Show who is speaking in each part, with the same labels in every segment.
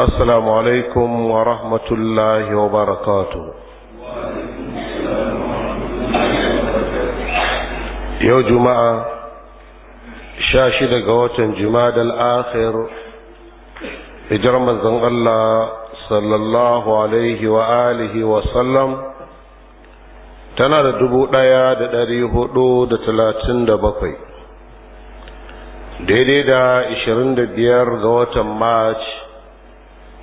Speaker 1: السلام عليكم ورحمة الله وبركاته يوم جماعة شاشد قوات جماد الآخر إجرم الزنغ الله صلى الله عليه وآله وسلم tana da dubu ɗaya da ɗari hudu da talatin da bakwai daidai da ishirin da biyar ga watan march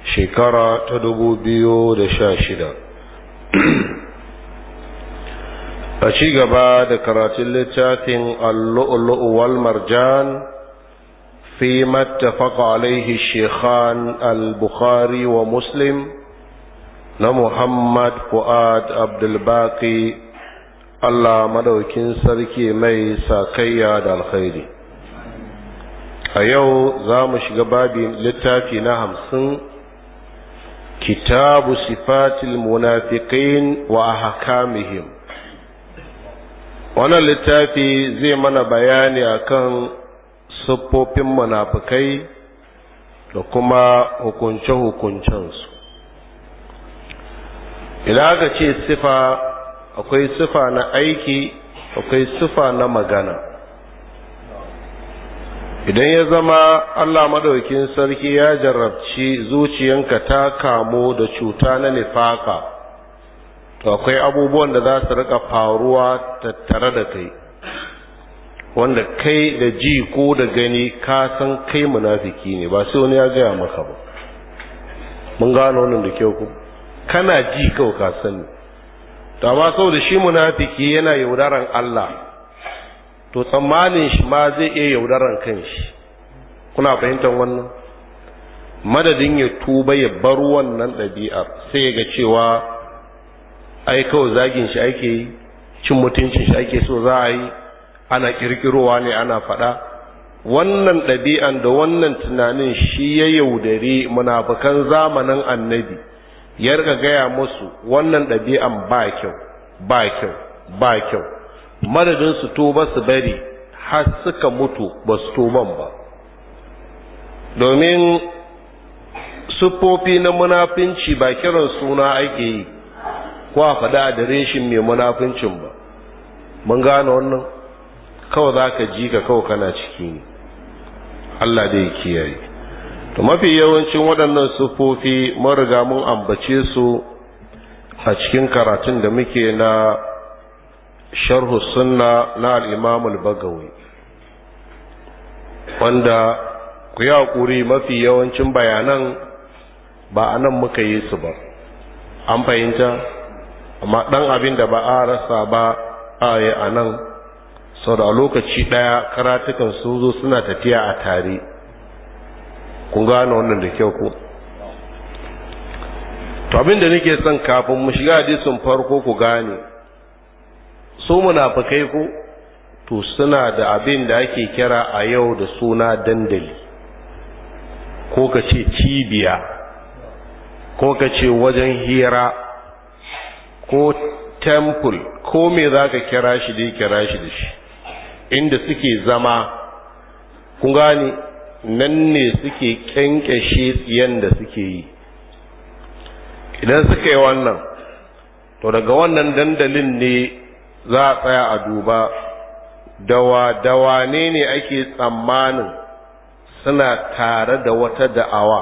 Speaker 1: shekara ta dubu biyu da sha shida a ci gaba da karatun littafin allu'ulu'u wal marjan fi mattafaka alaihi shekhan al-bukhari wa muslim na muhammad fu'ad abdulbaki allah madaukin sarki mai sakayya da alkhairi a yau za mu shiga babin littafi na hamsin kitabu sifatil munafiqin wa ahkamihim wannan littafi zai mana bayani akan sifofin munafikai da kuma hukunce-hukuncensu idan aka ce sifa akwai sifa na aiki akwai sifa na magana idan ya zama Allah madaukin sarki ya jarrabci zuciyanka ta kamo da cuta na nifaka to akwai abubuwan da za su rika faruwa tattare da kai wanda kai da ji ko da gani ka san kai munafiki ne ba sai wani ya gaya maka ba mun gano wannan da kyau ku kana ji kawai ka sani to amma saboda shi munafiki yana yaudaran Allah to tsammanin shi ma zai iya yaudaran shi. kuna fahimtar wannan madadin ya tuba ya bar wannan ɗabi'ar sai ya ga cewa ai kawai zagin shi ake yi cin mutuncin shi ake so za a yi ana ƙirƙirowa ne ana faɗa wannan ɗabi'an da wannan tunanin shi ya yaudare munafukan zamanin annabi ya rika gaya musu wannan ɗabi'an ba kyau ba kyau ba kyau madadin su tuba su bari har suka mutu ba su tuban ba domin siffofi na munafinci ba kiran suna ake yi ko a faɗa da reshin mai munafincin ba mun gane wannan kawai za ka ji ka kawai kana ciki ne Allah da ya kiyaye to mafi yawancin waɗannan siffofi mun riga mun ambace su a cikin karatun da muke na sharhu sunna na al-imam al wanda ku yi hakuri mafi yawancin bayanan ba a nan muka yi su ba an fahimta amma dan abin da ba a rasa ba a yi a nan sau da lokaci ɗaya karatukan sun zo suna tafiya a tare kun gane wannan da kyau ku to abin da nake son kafin mu shiga hadisin farko ku gane su munafikai ko to suna da abin da ake kira a yau da suna dandali ko ka ce cibiya ko ka ce wajen hira ko temple ko me za ka kira shi da kira shi da shi inda suke zama kun gani nan ne suke kyankyashe tsiyan suke yi idan suka yi wannan to daga wannan dandalin ne za a tsaya a duba dawa dawa ne ne ake tsammanin suna tare da wata da'awa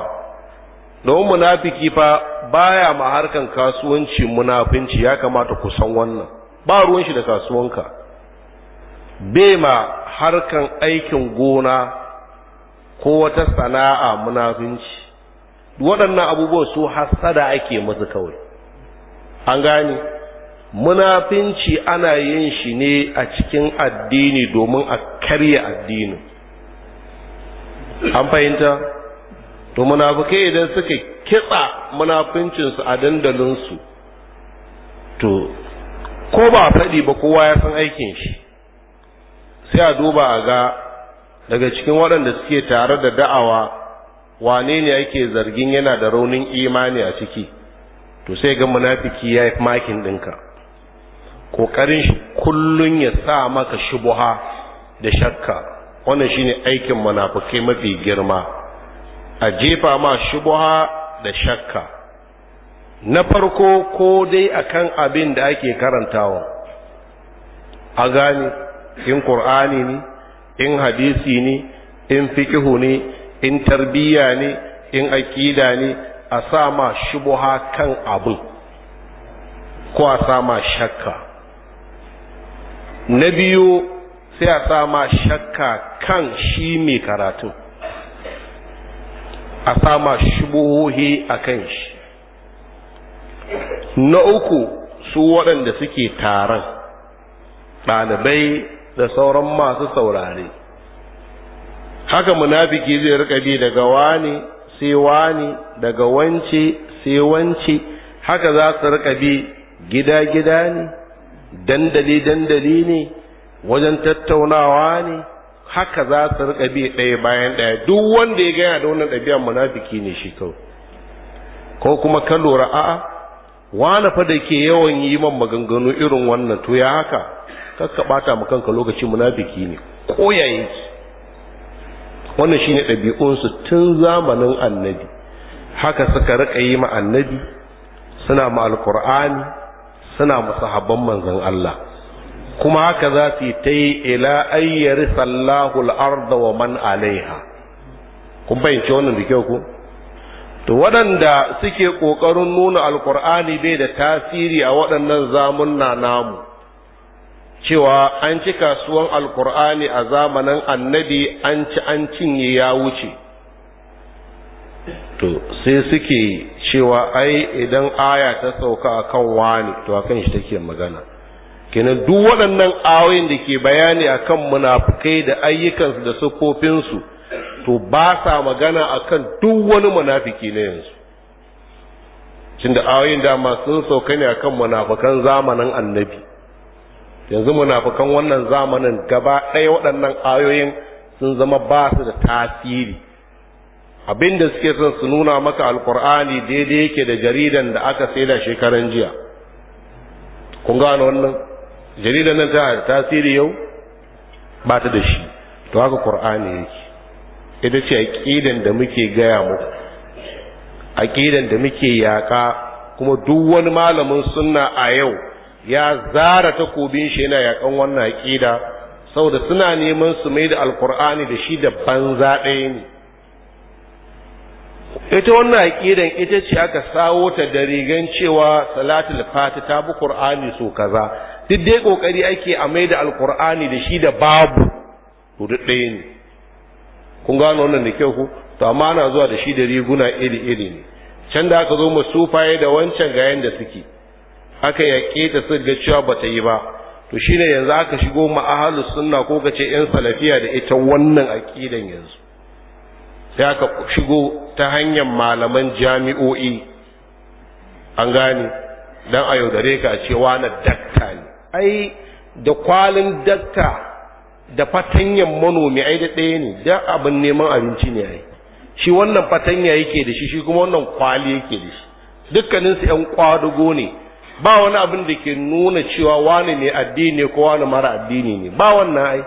Speaker 1: don munafiki fa baya ma harkan kasuwanci munafinci ya kamata ku san wannan ba ruwan shi da kasuwanka bai ma harkan aikin gona ko wata sana'a munafinci waɗannan abubuwan su hasada ake musu kawai an gane munafinci ana yin shi ne a cikin addini domin a karya addinin an fahimta to munafukai idan suka kitsa munafincinsu a dandalinsu to ko ba faɗi ba kowa ya san aikin shi sai a duba a ga daga cikin waɗanda suke tare da da'awa wane ne yake zargin yana da raunin imani a ciki to sai ga munafiki ya yi makin ɗinka kokarin shi kullun ya sa maka shubuha da shakka wannan shine aikin munafikai mafi girma a jefa ma shubuha da shakka na farko ko dai akan abin da ake karantawa a gane in qur'ani ne in hadisi ne in fikihu ne in tarbiyya ne in aƙida ne a sa ma shubuha kan abin ko a sa ma shakka na biyu sai a sama shakka kan shi mai karatu, a sama shubuhohi a kan shi na uku su waɗanda suke taron ɗalibai da sauran masu saurare haka munafiki zai rika bi daga wani sai wani daga wance sai wance haka za su rika bi gida-gida ne dandali dandali ne wajen tattaunawa ne haka za su rika bi ɗaya bayan ɗaya duk wanda ya gaya da wannan ɗabi'a munafiki ne shi kawai ko kuma ka lura a'a wani fa da ke yawan yi man maganganu irin wannan to ya haka kakka bata mu kanka lokacin munafiki ne ko shi wannan shine su tun zamanin annabi haka suka rika yi ma annabi suna ma alkur'ani suna musahabban manzan Allah kuma haka za su yi ta yi ila ayyari sallahu al'arda wa man alaiha kun fahimci wannan da kyau ku to waɗanda suke ƙoƙarin nuna alƙur'ani bai da tasiri a waɗannan zamunna namu cewa an ci kasuwan alƙur'ani a zamanin annabi an ci an cinye ya wuce to sai suke cewa ai idan aya ta sauka akan wani to a kan shi take magana kenan duk waɗannan ayoyin da ke bayani akan munafikai da ayyukansu da siffofinsu to ba sa magana akan duk wani munafiki na yanzu da ayoyin dama sun sauka ne akan munafukan zamanin annabi yanzu munafukan wannan zamanin gaba ɗaya waɗannan ayoyin sun zama ba su da tasiri abin da suke son su nuna maka alkur'ani daidai yake da jaridan da aka saida shekaran jiya kun gano wannan jaridan nan ta tasiri yau ba ta da shi to haka qur'ani yake ita ce aqidan da muke gaya muku aqidan da muke yaka kuma duk wani malamin sunna a yau ya zara takobin shi yana yakan wannan aqida saboda suna neman su mai da alkur'ani da shi da banza ɗaya ne ita wannan aqidan ita ce aka sawo ta da rigan cewa salatul fati ta bi qur'ani so kaza duk dai kokari ake a maida alqur'ani da shi da babu to duk ɗaya ne kun gano wannan da kyau ku to amma ana zuwa da shi da riguna iri iri ne can da aka zo masufaye da wancan ga yanda suke aka yaƙe ta su ga cewa bata yi ba to shine yanzu aka shigo ma ahlus sunna ko kace yan salafiya da ita wannan aqidan yanzu sai aka shigo ta hanyar malaman jami'o'i an gane dan a yaudare ka a cewa na dakta ne ai da kwalin dakta da fatanyan manomi ai da ɗaya ne da abin neman abinci ne ai shi wannan fatanya yake da shi shi kuma wannan kwali yake da shi dukkaninsu ‘yan kwadugo ne ba wani abin da ke nuna cewa wani ne addini ko wani mara addini ne ba wannan ai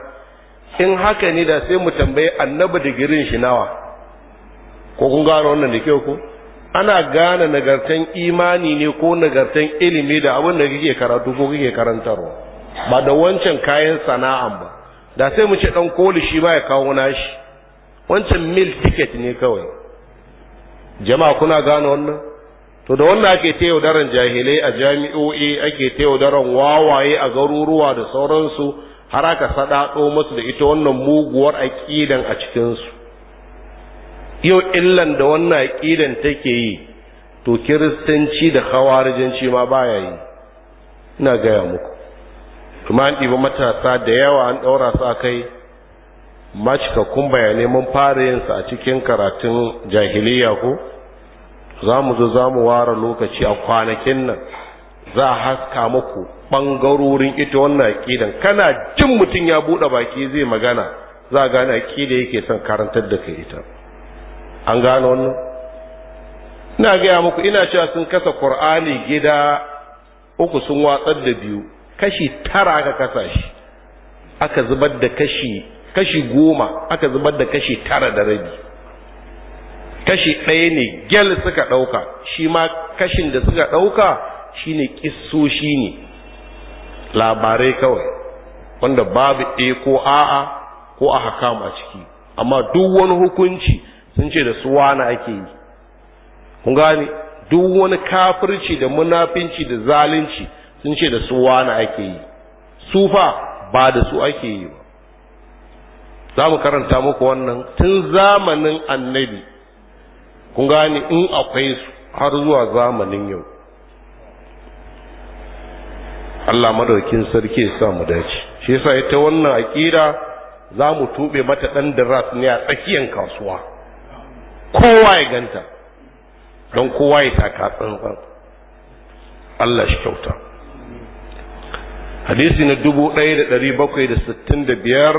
Speaker 1: in haka ne da sai mu tambaye annabi digirin shi nawa ko kun gane wannan da kyau ko ana gane nagartan imani ne ko nagartan ilimi da abin da kake karatu ko kake karantarwa ba da wancan kayan sana'an ba da sai mu ce dan koli shi ba ya kawo nashi wancan mil ticket ne kawai jama'a kuna gane wannan to da wannan ake ta yaudaran jahilai a jami'o'i ake ta yaudaran wawaye a garuruwa da sauransu har aka sadaɗo musu da ita wannan muguwar aƙidan a cikinsu yau illan da wannan aƙidan take yi to kiristanci da khawarijanci ma baya yi ina gaya muku kuma an ɗiba matasa da yawa an ɗaura su a kai macikakkun bayanai mun fara yin su a cikin karatun jahiliya ko za mu zo za mu ware lokaci a kwanakin nan za a haska muku ɓangarorin ita wannan aƙidan kana jin mutum ya buɗe baki zai magana za a gane aƙida yake son karantar da kai ita an gano wannan ina gaya muku ina cewa sun kasa qur'ani gida uku sun watsar da biyu kashi tara aka kasa shi aka zubar da kashi kashi goma aka zubar da kashi tara da rabi kashi ɗaya ne gel suka ɗauka shi ma kashin da suka ɗauka shine ƙisoshi ne labarai kawai wanda babu a ko a'a ko a hakama ciki amma duk wani hukunci sun ce da su wani ake yi kun gane duk wani kafirci da munafinci da zalunci sun ce da su wani ake yi su fa ba da su ake yi ba za mu karanta muku wannan tun zamanin annabi kun gane in akwai su har zuwa zamanin yau Allah madaukin sarki ya sa mu dace shi yasa ita wannan aqida za mu tube mata dan diras ne a tsakiyar kasuwa kowa ya ganta don kowa ya taka tsantsan Allah shi kyauta hadisi na dubu ɗaya da ɗari bakwai da sittin da biyar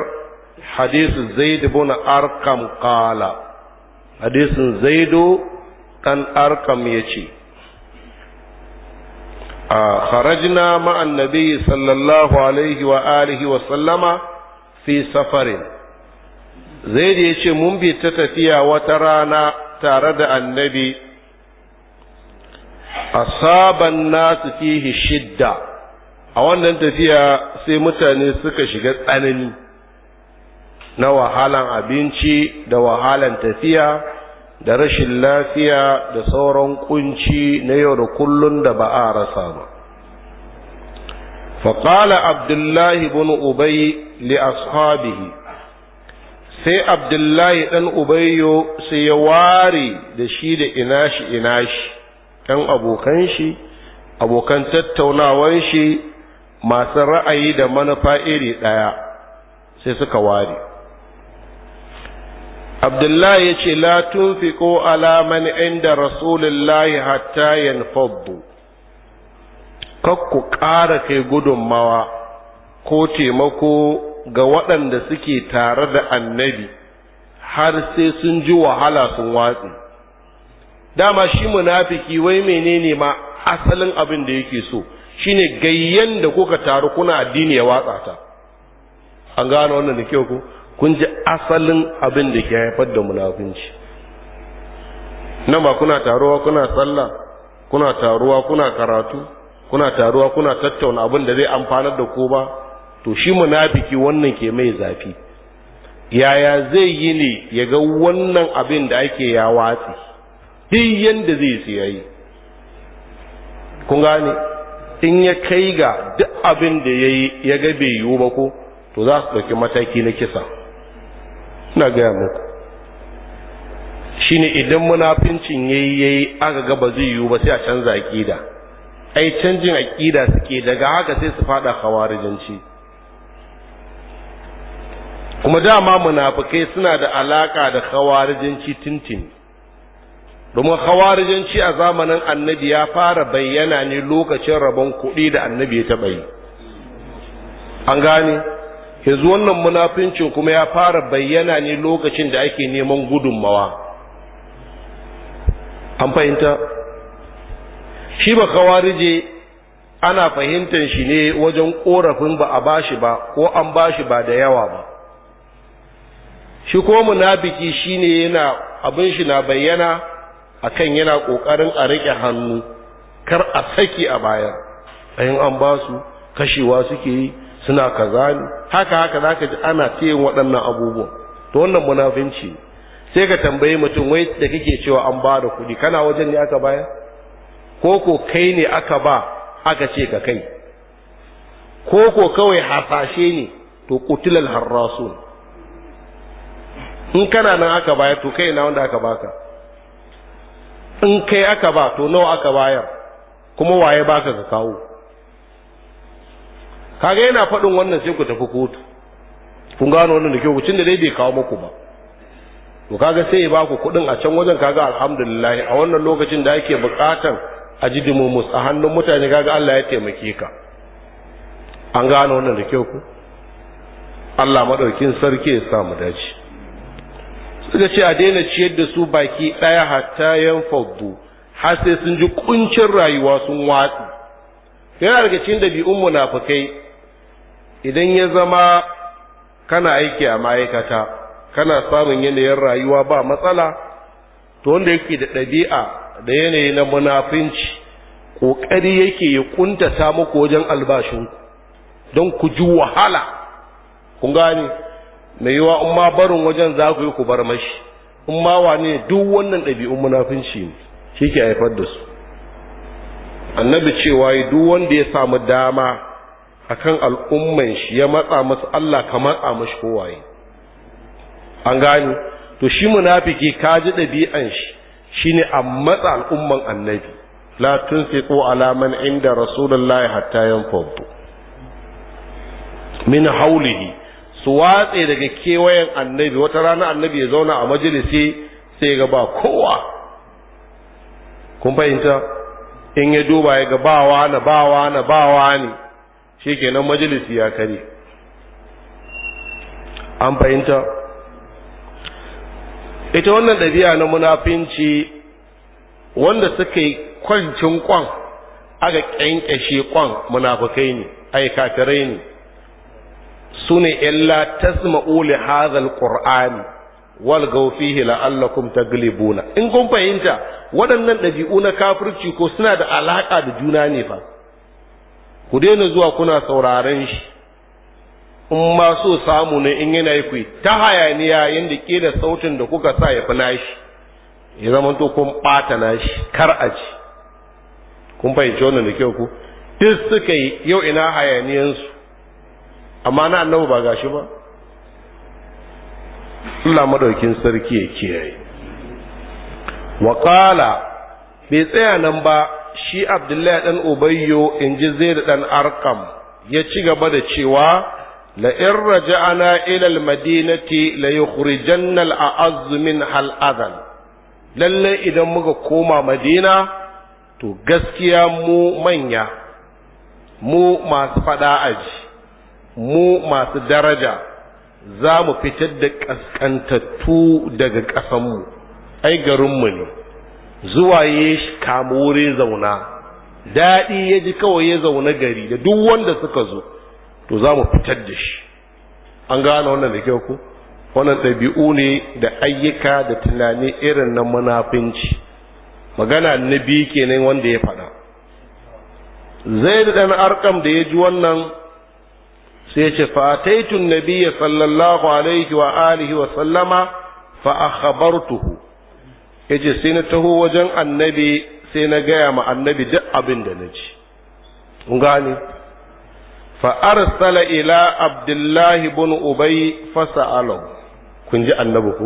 Speaker 1: hadisin Zaidu ibn arkam ya ce zaido dan arkam yace خرجنا مع النبي صلى الله عليه وآله وسلم Zai da ya ce mun bi ta tafiya wata rana tare da annabi A saban nasu fihi shidda a wannan tafiya sai mutane suka shiga tsanani na wahalan abinci da wahalan tafiya da rashin lafiya da sauran kunci na yau da kullun da ba a rasa ba فقال Abdullahi الله بن أبي لأصحابه sai abdullahi ɗan ubayyo sai ya ware da shi da inashi inashi ɗan abokan shi abokan tattaunawan shi masu ra'ayi da manufa iri ɗaya sai suka ware abdullahi ya ce latun fi ko alaman inda rasulullahi hatta yin fabbu ku ƙara kai gudunmawa ko taimako ga waɗanda suke tare da annabi har sai sun ji wahala sun watsi dama shi munafiki wai menene ma asalin abin da yake so shine gayyan da kuka taru kuna addini ya watsa ta an gano wannan da kyau ko kun ji asalin abin da ke haifar da munafinci nan ba kuna taruwa kuna sallah kuna taruwa kuna karatu kuna taruwa kuna tattauna abin da zai amfanar da ku ba to shi munafiki wannan ke mai zafi yaya zai yi ne ya ga wannan abin da ake ya watsi duk yanda zai siya yi kun gane in ya kai ga duk abin da ya yi ya ga bai yiwu ba ko to za su ɗauki mataki na kisa ina gaya muku shine idan munafincin yayi yayi aka ga ba zai yiwu ba sai a canza aƙida ai canjin aƙida suke daga haka sai su fada khawarijanci kuma dama munafukai suna da alaka da khawarijanci tintin domin khawarijanci a zamanin annabi ya fara bayyana ne lokacin rabon kuɗi da annabi ya taɓa yi an gane yanzu wannan munafincin kuma ya fara bayyana ne lokacin da ake neman gudunmawa an fahimta shi ba kawarije ana fahimtar shi ne wajen korafin ba a bashi ba ko an bashi ba da yawa ba shi ko munafiki shine yana abin shi na bayyana akan yana kokarin a rike hannu kar a saki a bayan ayin an ba su kashewa suke yi suna kaza ne haka haka zaka ji ana ta waɗannan abubuwa, to wannan munafinci sai ka tambayi mutum wai da kake cewa an ba da kuɗi kana wajen ne aka bayar ko ko kai ne aka ba aka ce ka kai ko ko kawai hasashe ne to kutulal harrasun in kana nan aka bayar to kai na wanda aka baka in kai aka ba to nawa aka bayar kuma waye baka ka kawo kaga yana faɗin wannan sai ku tafi kotu kun gano wannan da kyau ku da dai bai kawo muku ba to kaga sai ya ba ku kuɗin a can wajen kaga alhamdulillah a wannan lokacin da ake buƙatan a ji dumumus a hannun mutane kaga Allah ya taimake ka an gano wannan da kyau ku Allah maɗaukin sarki ya sa mu dace suka ce a daina ciyar da su baki ɗaya hatta yan fabbu har sai sun ji kuncin rayuwa sun watsi yana daga cikin ɗabi'un munafukai idan ya zama kana aiki a ma'aikata kana samun yanayin rayuwa ba matsala to wanda yake da ɗabi'a da yanayi na munafinci ƙoƙari yake ya kuntata muku wajen albashinku don ku ji wahala kun gane mai yiwa in ma barin wajen za ku yi ku bar mashi in ma wane duk wannan ɗabi'un munafunci ne shi ke haifar da su annabi cewa yi duk wanda ya samu dama akan al'umman shi ya matsa masu Allah kamar a mashi kowaye an gani to shi munafiki ka ji ɗabi'an shi shi ne a matsa al'umman annabi la sai ko alaman inda rasulullahi hatta yanfadu min haulihi su watse daga kewayen annabi wata rana annabi ya zauna a majalisi sai ga ba kowa kun fahimta in ya duba ya ga bawa na bawa na bawa ne shikenan majalisi ya kare an fahimta ita wannan ɗabi'a na munafinci wanda suka yi kwancin kwan aka ƙyanƙyashe kwan munafukai ne ai kafirai ne Sune ne illa tasma'u li hadhal qur'ani wal gawfihi la'allakum taglibuna in kun fahimta waɗannan ɗabi'u na kafirci ko suna da alaƙa da juna ne fa ku daina zuwa kuna sauraren shi in ma so samu ne in yana yi ku ta hayaniya yadda ke da sautin da kuka sa ya fi nashi ya zama to kun ɓata nashi kar a ci kun fahimci wannan da kyau ku duk suka yi yau ina hayaniyansu amma na annabu ba gashi ba Allah madaukin sarki ya kiyaye wa qala bai tsaya nan ba shi abdullahi dan ubayyo in ji zaid dan arqam ya ci gaba da cewa la in raja'ana ila al-madinati la yukhrijanna al-a'azz min hal adan lalle idan muka koma madina to gaskiya mu manya mu masu fada aji mu masu daraja za mu fitar da ƙasƙantattu daga ƙasanmu ai garinmu ne zuwa ya kama wuri zauna daɗi ya ji kawai ya zauna gari da duk wanda suka zo to za mu fitar da shi an gane wannan da kyau ku wannan ɗabi'u ne da ayyuka da tunani irin na munafinci magana na biyu kenan wanda ya faɗa zai da ɗan arkam da ya ji wannan sai ya ce fa'ataitun nabiyya sallallahu alaihi wa alihi wa sallama fa akhbartuhu yace sai na taho wajen annabi sai na gaya ma annabi duk abin da naji kun gane fa arsala ila abdullahi ibn ubay fa sa'alahu kun ji annabi ko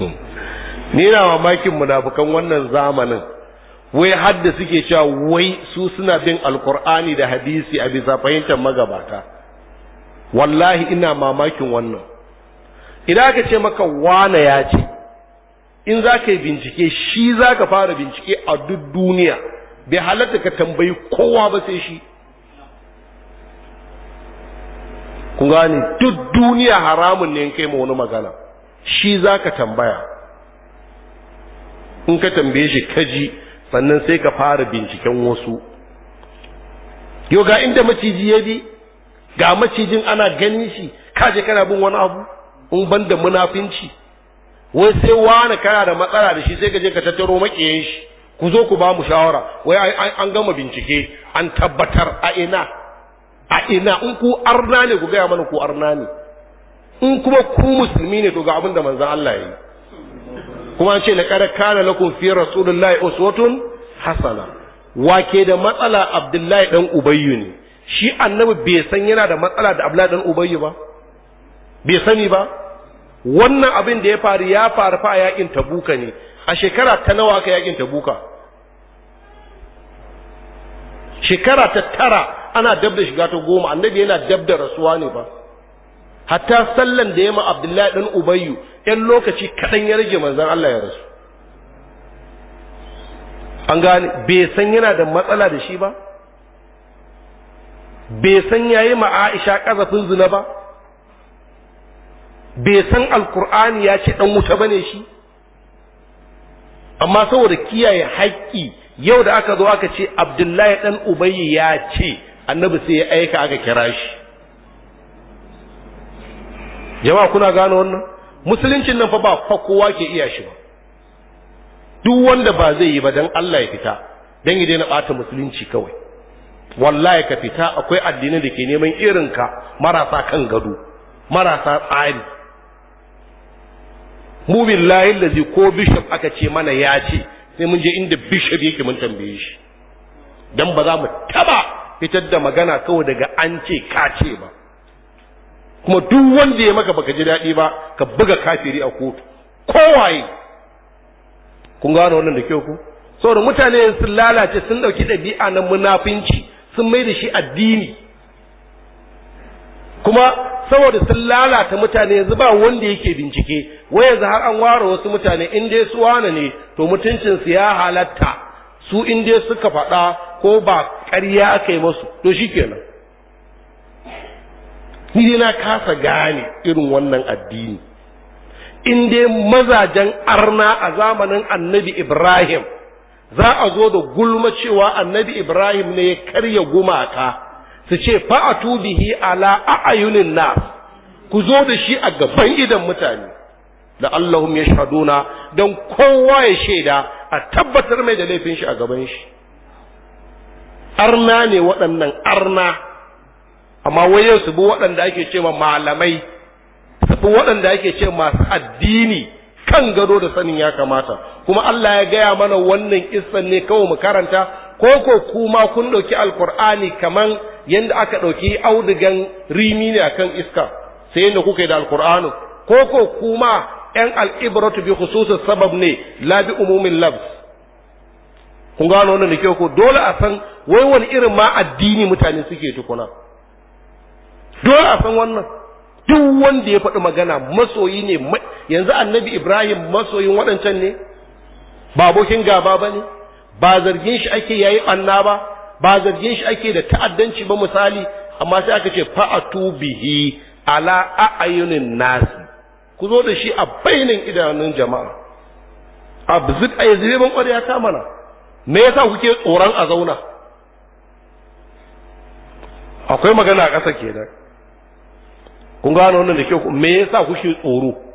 Speaker 1: hmm. ni na mamakin munafukan wannan zamanin wai hadda suke cewa wai su suna bin alkur'ani da hadisi a bisa fahimtar magabata wallahi ina mamakin wannan idan aka ce maka wane ya ce in za ka yi bincike shi za ka fara bincike a duk duniya bai halatta ka tambayi kowa ba sai shi ku gane duk duniya haramun ne in kai ma wani magana shi za ka tambaya in ka tambaye shi kaji sannan sai ka fara binciken wasu yau ga inda maciji ya bi ga macijin ana ganin shi kaje kana bin wani abu in ban da munafinci wai sai wani kana da matsala da shi sai ka je ka tattaro makiyayin shi ku zo ku ba mu shawara wai an gama bincike an tabbatar a ina a ina in ku arna ne ku gaya mana ku arna ne in kuma ku musulmi ne to ga abin da manzon Allah ya yi kuma an ce laqad kana lakum fi rasulillahi uswatun hasana wake da matsala abdullahi dan ubayyu ne shi annabi bai san yana da matsala da abla dan ubayyi ba bai sani ba wannan abin da ya faru ya faru fa a yakin tabuka ne a shekara ta nawa aka yakin tabuka shekara ta tara ana dab da shiga ta goma annabi yana dab da rasuwa ne ba hatta sallan da ya ma abdullahi dan ubayyu yan lokaci kaɗan ya rage manzon Allah ya rasu an gane bai san yana da matsala da shi ba bai san yayi ma Aisha kazafin zina ba bai san alkur'ani ya ce dan wuta bane shi amma saboda kiyaye haƙƙi yau da aka zo aka ce Abdullahi dan Ubayy ya ce annabi sai ya aika aka kira shi jama'a kuna gano wannan musuluncin nan fa ba kowa ke iya shi ba duk wanda ba zai yi ba dan Allah ya fita dan ya daina ɓata musulunci kawai wallahi ka fita akwai addinin da ke neman irin ka marasa kan gado marasa tsari mu billahi lazi ko bishop aka ce mana ya ce sai mun je inda bishop yake mun tambaye shi dan ba za mu taba fitar da magana kawai daga an ce ka ce ba kuma duk wanda ya maka baka ji daɗi ba ka buga kafiri a kotu kowaye kun gano wannan da kyau ku saboda mutane sun lalace sun ɗauki ɗabi'a na munafinci sun mai da shi addini kuma saboda sun lalata mutane yanzu ba wanda yake bincike wai yanzu har an ware wasu mutane in dai su wane ne to mutuncinsu ya halatta su in dai suka faɗa ko ba ƙarya aka yi masu to shi kenan ni dai na kasa gane irin wannan addini in dai mazajen arna a zamanin annabi ibrahim za a zo da gulma cewa annabi ibrahim ne ya karya gumaka su ce fa'atu bihi ala a'ayunin na ku zo da shi a gaban idan mutane da allahum ya shaduna don kowa ya shaida a tabbatar mai da laifin shi a gaban shi arna ne waɗannan arna amma wayo su bi waɗanda ake cewa malamai su bi waɗanda ake ce masu addini kan gado da sanin ya kamata kuma Allah ya gaya mana wannan kissan ne kawai mu karanta ko ko kuma kun ɗauki alkur'ani kaman yadda aka ɗauki audugan rimi ne akan iska sai yadda kuka yi da alkur'ani ko ko kuma yan al'ibratu bi khususus sabab ne la bi umumin lafz kun gano wannan da kyau ko dole a san wai wani irin ma addini mutane suke tukuna dole a san wannan duk wanda ya faɗi magana masoyi ne yanzu annabi ibrahim masoyin waɗancan ne ba abokin gaba ba ne ba zargin shi ake yayi ɓanna ba ba zargin shi ake da ta'addanci ba misali amma sai aka ce fa'atu bihi ala a'ayunin nasi ku zo da shi a bainin idanun jama'a a bizit a yanzu ban kwari ya kama na me yasa kuke tsoron a zauna akwai magana a ƙasa kenan kun gano wannan da kyau me yasa kuke tsoro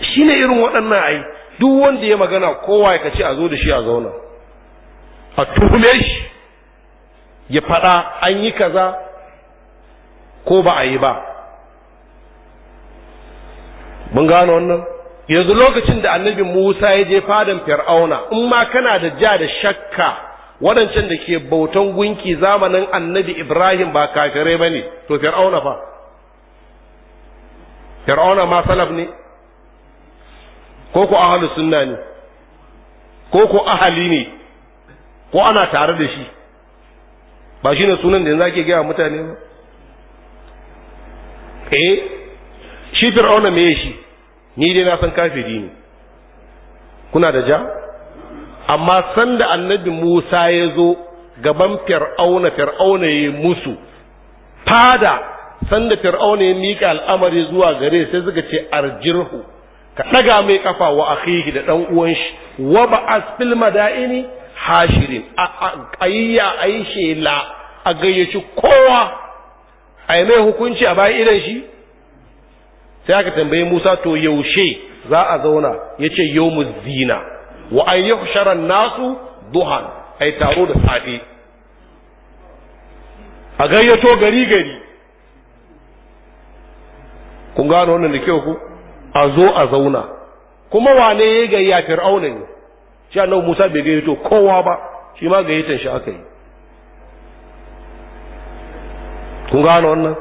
Speaker 1: Shi ne irin waɗannan ai duk wanda ya magana kowa ya kace a zo da shi a zauna a tuhume shi ya faɗa an yi kaza ko ba a yi ba mun gano wannan yanzu lokacin da annabi musa ya je fadan fir'auna in ma kana da ja da shakka waɗancan da ke bautan gunki zamanin annabi ibrahim ba kafirai ba ne to fir'auna fa fir'auna ma salaf ne ko ku ahalu sunna ne ko ku ahali ne ko ana tare da shi ba shine sunan da yanzu ake gaya mutane ba eh shi fir'auna me shi ni dai na san kafiri ne kuna da ja amma sanda annabi Musa ya zo gaban fir'auna fir'auna ya musu fada sanda fir'auna ya mika al'amari zuwa gare sai suka ce arjirhu ka ɗaga mai ƙafa wa akhihi da ɗan uwan shi wa ba'as fil madaini hashirin a ayya ayi shela a gayyaci kowa ai mai hukunci a bayan idan shi sai aka tambaye Musa to yaushe za a zauna yace yawmuz zina wa an nasu duhan ai taro da safe a gayyato gari gari kun gano wannan da kyau ku a zo a zauna kuma wane ya gayya fir'auna ne shi annabi Musa bai gayyato kowa ba shi ma gayyatan shi aka yi kun gano wannan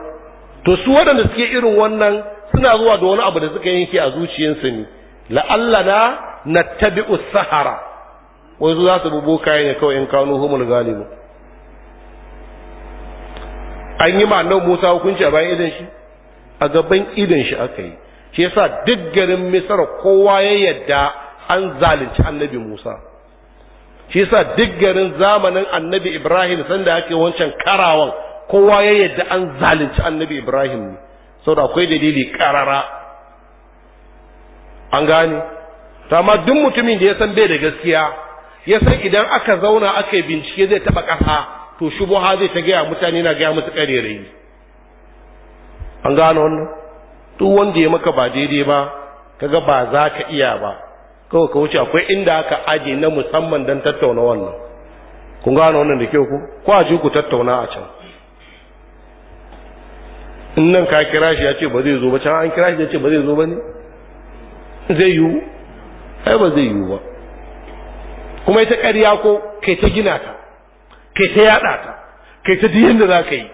Speaker 1: to su waɗanda suke irin wannan suna zuwa da wani abu da suka yanke a zuciyarsu ne la'alla na tabi sahara wai su za su bubu kayan ne kawai in kano humul galibu an yi ma annabi Musa hukunci a bayan idan shi a gaban idan shi aka yi shi yasa duk garin misar kowa ya yadda an zalunci annabi musa shi yasa duk garin zamanin annabi ibrahim sanda ake wancan karawan kowa ya yadda an zalunci annabi ibrahim ne saboda akwai dalili karara an gane amma duk mutumin da ya san bai da gaskiya ya san idan aka zauna aka yi bincike zai taba kasa to shubuha zai ta gaya mutane na gaya musu ƙarerayi an gane wannan duk wanda ya maka ba daidai ba kaga ba za ka iya ba kawai ka wuce akwai inda aka aje na musamman don tattauna wannan kun gano wannan da kyau ku ko a ku tattauna a can in nan ka kira shi ya ce ba zai zo ba can an kira shi ya ce ba zai zo ba ne zai yiwu ai ba zai yiwu ba kuma ita ƙarya ko kai ta gina ta kai ta yaɗa ta kai ta diyan da za ka yi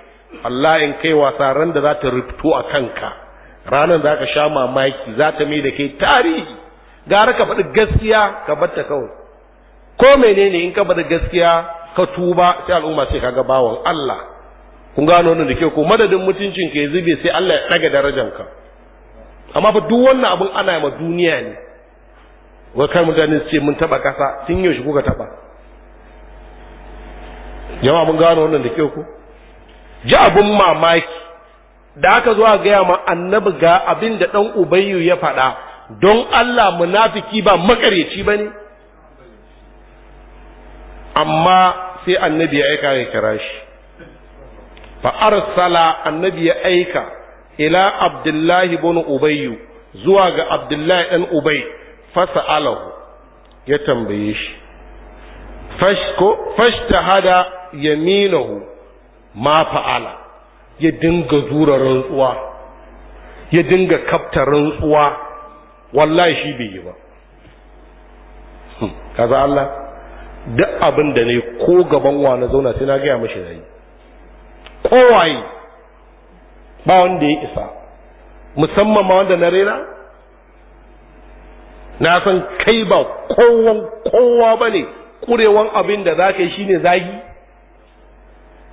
Speaker 1: Allah in kai wasa ran da za ta rubuto a kanka ranar za ka sha mamaki za ta mai da kai tarihi gara ka faɗi gaskiya ka bata kawai ko menene in ka faɗi gaskiya ka tuba sai al'umma sai kaga bawan Allah kun gano wannan da ke ko madadin mutuncin ka zube sai Allah ya daga darajar ka amma fa duk wannan abun ana ma duniya ne wai kan mutane su ce mun taba kasa sun yaushe kuka taba jama'a mun gano wannan da ke ko ji abun mamaki da aka zo a gaya ma annabi ga abin da ɗan ubayyu ya faɗa don Allah munafiki ba makareci ba ne amma sai annabi ya aika ya kira shi fa annabi ya aika ila abdullahi bin ubayyu zuwa ga abdullahi ɗan ubay alahu, ya tambaye shi fashko fashtahada yaminahu ma fa'ala ya dinga zura rantsuwa ya dinga kafta rantsuwa wallahi shi bai yi ba hmm, kaza Allah duk abin da ne ko gaban wa na zauna sai na gaya mashi na yi kowaye ba wanda ya isa musamman ma wanda na rera na san kai ba kowan kowa ba ne kurewan abin da za ka yi shine zagi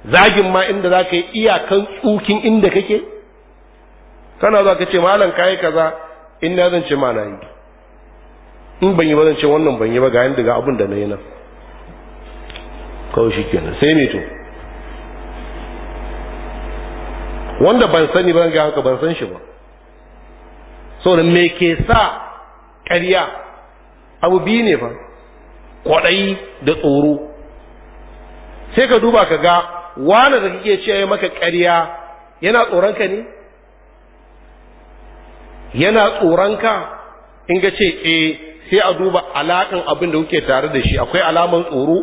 Speaker 1: zagin ma inda za ka yi iyakan tsukin inda kake kana za ka ce malam kayi kaza in na zan ce ma na yi in ban yi ba zan ce wannan ban yi ba ga yadda ga abin da na yi nan kawai shi kenan sai me to wanda ban sani ba ga haka ban san shi ba saboda me ke sa ƙarya abu biyu ne fa kwaɗayi da tsoro sai ka duba ka ga wani da kake ce maka ƙarya yana tsoronka ne yana tsoronka in ga ce e sai a duba alaƙan abin da kuke tare da shi akwai alaman tsoro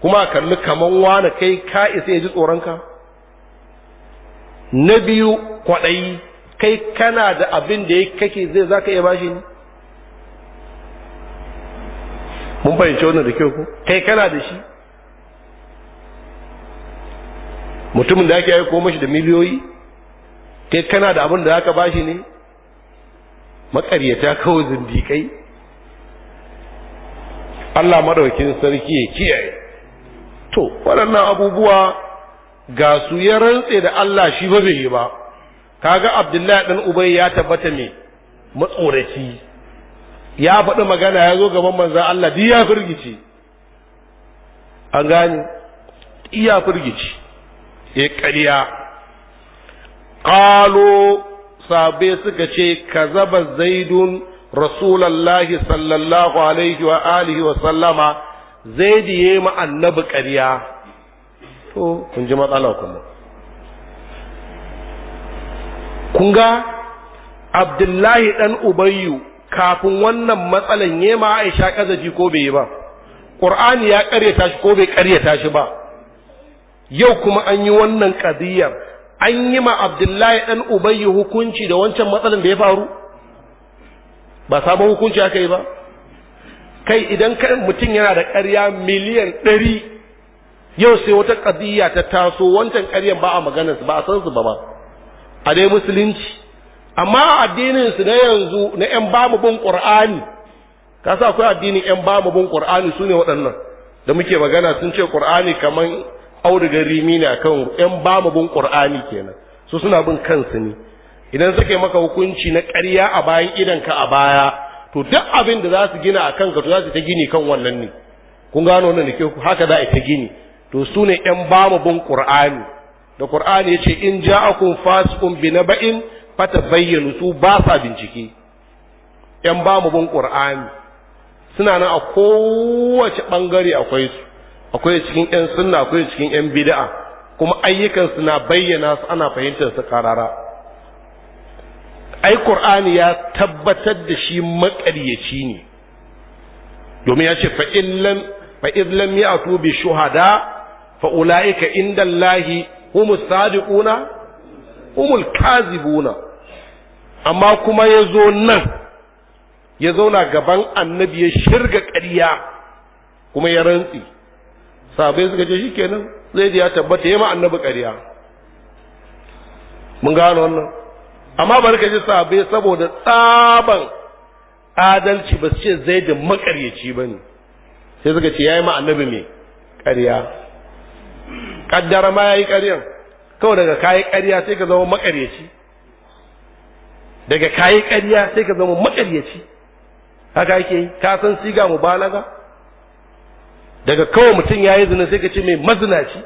Speaker 1: kuma kalli kaman wani kai ka isa ya ji tsoronka na biyu kwaɗayi kai kana da abin da kake zai za ka iya bashi ne mun fahimci wannan da kyau ko kai kana da shi mutumin da ake aiko mashi da miliyoyi kai kana da abin da aka bashi ne makaryata kawai zindikai Allah madaukin sarki ya kiyaye to waɗannan abubuwa ga su ya rantse da Allah shi ba bai yi ba kaga Abdullahi dan Ubay ya tabbata me matsoraci ya faɗi magana ya zo gaban manzon Allah duk ya firgice an gane iya firgice ya ƙarya ƙalo sabai suka ce ka zaba zaidun rasulallah sallallahu alaihi wa alihi wa sallama zaidi ya yi ma'annabi ƙarya to kun ji matsala kuma kun ga abdullahi ɗan ubayyu kafin wannan matsalan ya ma aisha ƙazafi ko bai yi ba ƙur'ani ya ƙaryata shi ko bai ƙaryata shi ba yau kuma an yi wannan kadiyar an yi ma abdullahi Ɗan ubayi hukunci da wancan matsalin da ya faru ba sabon hukunci aka yi ba kai idan mutum yana da ƙarya miliyan ɗari yau sai wata kadiyya ta taso wancan ƙaryan ba a maganarsu ba a san su ba ba a dai musulunci amma addininsu na yanzu na 'yan bamu bin ƙur'ani ka sa akwai addinin 'yan bamu bin ƙur'ani su ne waɗannan da muke magana sun ce ƙur'ani kaman auduga rimi ne akan yan bamu bin qur'ani kenan su suna bin kansu ne idan suka yi maka hukunci na ƙarya a bayan ka a baya to duk abin da za su gina a kanka to za su ta gini kan wannan ne kun gano wannan ke haka za a ta gini to su ne yan bamu bin qur'ani da qur'ani yace in ja'akum fasiqun binaba'in fatabayyanu su ba sa bincike yan bamu bin qur'ani suna nan a kowace bangare akwai su akwai cikin yan sunna akwai cikin yan bida'a kuma ayyukan suna bayyana su ana fahimtar su karara ai qur'ani ya tabbatar da shi maƙaryaci ne domin ya ce fa illam fa ya'tu bi shuhada fa ulaika indallahi humus sadiquna humul kazibuna amma kuma ya zo nan ya zauna gaban annabi ya shirga ƙarya kuma ya rantsi sahabbai suka ce shikenan zai ya tabbata yema annabi ƙarya mun gano wannan amma bari ka ji sahabbai saboda tsaban adalci ba su ce zai da makaryaci ba ne sai suka ce ya yi annabi mai ƙarya ƙaddara ma ya yi ƙaryan kawai daga kayi ƙarya sai ka zama makaryaci daga kayi ƙarya sai ka zama makaryaci haka yake ka san siga mu balaga daga kawai mutum ya yi zina sai ka ce mai mazinaci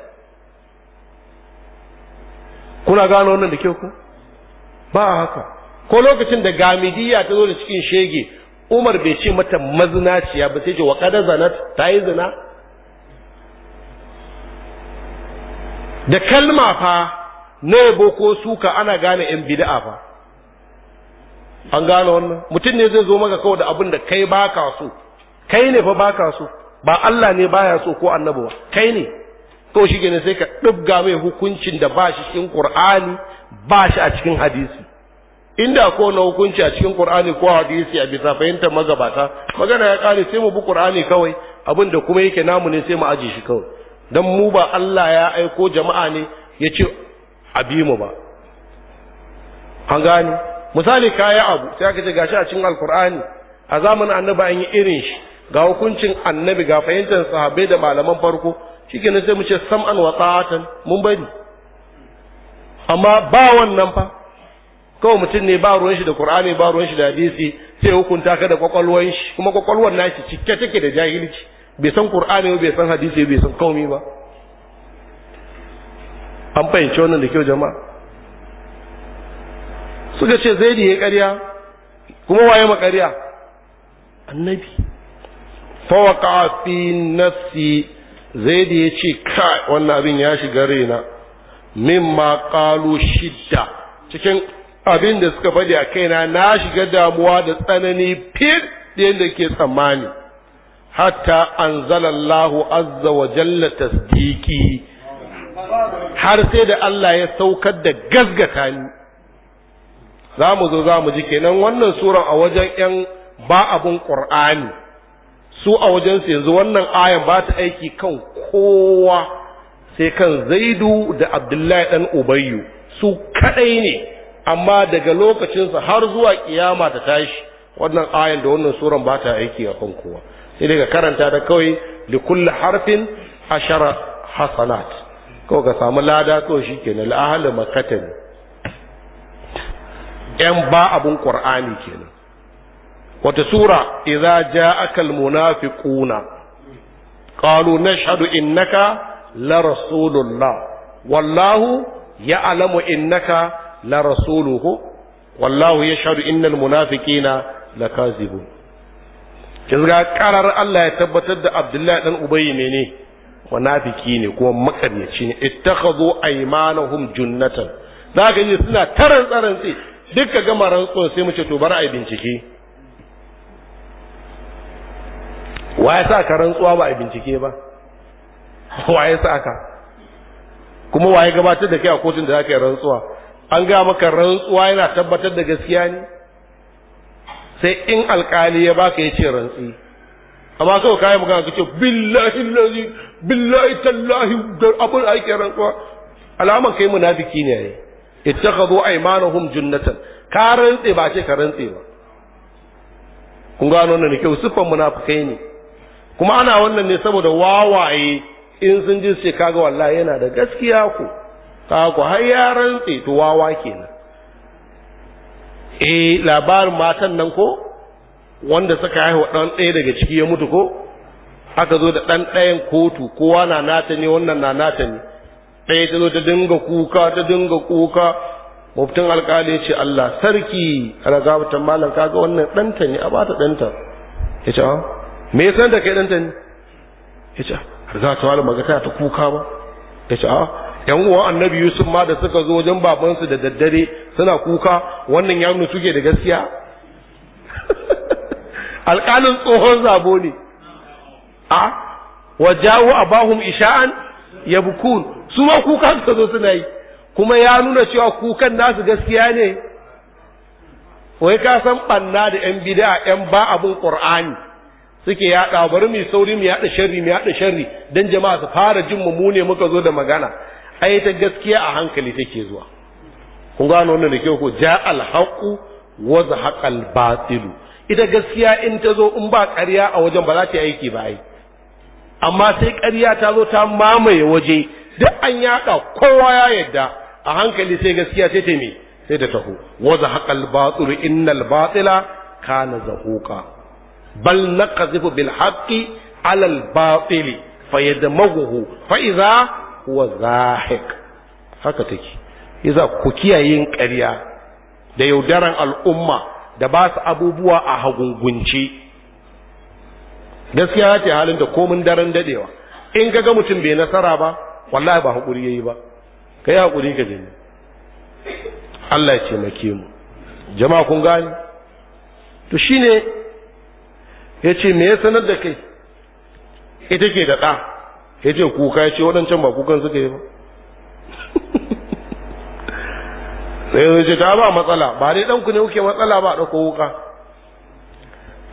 Speaker 1: kuna gano wannan da kyau ku ba haka ko lokacin da gamidiya ta zo da cikin shege umar bai ce mata mazinaciya ba sai ce wa kada zana ta yi zina da kalma fa na yabo ko suka ana gane yan bid'a fa an gane wannan mutum ne zai zo maka kawai da abin da kai baka so kai ne fa baka so ba Allah ne baya so ko annabi ba kai ne to shi ne sai ka dubga mai hukuncin da ba shi cikin Qur'ani ba shi a cikin hadisi inda ko na hukunci a cikin Qur'ani ko hadisi a bisa fahimtar magabata magana ya kare sai mu bi Qur'ani kawai abin da kuma yake namu ne sai mu aje shi kawai dan mu ba Allah ya aiko jama'a ne ya ce bi mu ba an gane misali kayi abu sai aka ce gashi a cikin Al-Qur'ani a zamanin annabi an yi irin shi ga hukuncin annabi ga fahimtar sahabbai da malaman farko shikenan sai mu ce sam'an wa ta'atan mun bari amma ba wannan fa kawai mutum ne ba ruwan shi da Qur'ani ba ruwan shi da hadisi sai hukunta ka da kwakwalwan shi kuma kwakwalwan nashi cike take da jahilci bai san Qur'ani ba bai san hadisi bai san kaumi ba an fahimci wannan da kyau jama'a suka ce zaidi ya karya? kuma waye ma karya? annabi fawaka fi nafsi zaid ya ce kai wannan abin ya shiga raina mimma qalu shidda cikin abin da suka faɗi a kaina na shiga damuwa da tsanani fil da yadda ke tsammani hatta anzalallahu azza wa jalla tasdiqi har sai da Allah ya saukar da gasgata ni za mu zo za mu ji kenan wannan suran a wajen 'yan ba abun ƙur'ani su a wajensu yanzu wannan ayan ba ta aiki kan kowa sai kan zaidu da abdullahi dan ubayyu su kadai ne amma daga lokacinsu har zuwa kiyama ta tashi wannan ayan da wannan suran ba ta aiki a kan kowa sai daga karanta da kawai li kulli harfin ashara hasanat ko ka samu lada kawai shikenan al ahli makatan yan ba abun qur'ani kenan wata sura idza ja'aka almunafiquna qalu nashhadu innaka la rasulullah wallahu ya'lamu innaka la rasuluhu wallahu yashhadu innal munafiqina lakazibun kinga karar Allah ya tabbatar da Abdullahi dan Ubayy menene munafiki ne kuma makaryaci ne ittakhadhu aymanahum junnatan zaka yi suna taran tsaran sai duk ka gama rantsuwa sai mu ce to bara a bincike wa ya sa ka rantsuwa ba a bincike ba wa ya sa ka kuma wa ya gabatar da kai a kotun da za ka yi rantsuwa an ga maka rantsuwa yana tabbatar da gaskiya ne sai in alkali ya baka ya ce rantsi amma kawai kayi magana ka ce billahi lazi billahi tallahi da abin ake rantsuwa alamar kai munafiki ne ne ittakhadhu aymanahum junnatan ka rantse ba ce ka rantse ba kun gano wannan ne kyau siffan munafikai ne kuma ana wannan ne saboda wawaye in sun ji ce kaga wallahi yana da gaskiya ku ka ku har ya rantse to wawa kenan eh labarin matan nan ko wanda suka haihu dan ɗaya daga ciki ya mutu ko aka zo da ɗan ɗayan kotu kowa na nata ne wannan na nata ne ɗaya ta zo ta dinga kuka ta dinga kuka muftin alƙali ce Allah sarki raga ta malam kaga wannan ɗanta ne a bata ɗanta ya ce ah. me ya san da kai danta ne ya ce za ta wala magata ta kuka ba ya ce a yan uwan annabi yusuf ma da suka zo wajen babansu da daddare suna kuka wannan ya nuna suke da gaskiya alƙalin tsohon zabo ne a wajawo abahum isha'an yabkun su ma kuka suka zo suna yi kuma ya nuna cewa kukan nasu gaskiya ne wai ka san banna da yan bid'a yan ba abun qur'ani suke yaɗa bari mu sauri mu yaɗa sharri mu yaɗa sharri dan jama'a su fara jin mu ne muka zo da magana ai ta gaskiya a hankali take zuwa kun gano wannan da ke ko al haqu wa zahaqal batil ita gaskiya in ta zo in ba ƙarya a wajen ba za ta aiki ba ai amma sai ƙarya ta zo ta mamaye waje duk an yaɗa kowa ya yadda a hankali sai gaskiya sai ta me sai ta taho wa zahaqal batil innal batila kana zahuqa bal naqzifu bil haqqi ala al batil fayadmaghuhu fa idza huwa zahiq haka take ku ƙarya da yaudaran al'umma da ba su abubuwa a hagungunci gaskiya ce halin da komin daren dadewa in ka ga mutum bai nasara ba wallahi ba hakuri yayi ba yi hakuri ka gani Allah ya ce mu jama'a kun gani to shine ya ce me ya sanar da kai ita ke da ɗa ya ce kuka ya ce waɗancan ba kukan suka yi ba sai ya ce ta ba matsala ba dai ku ne kuke matsala ba a ɗauko wuka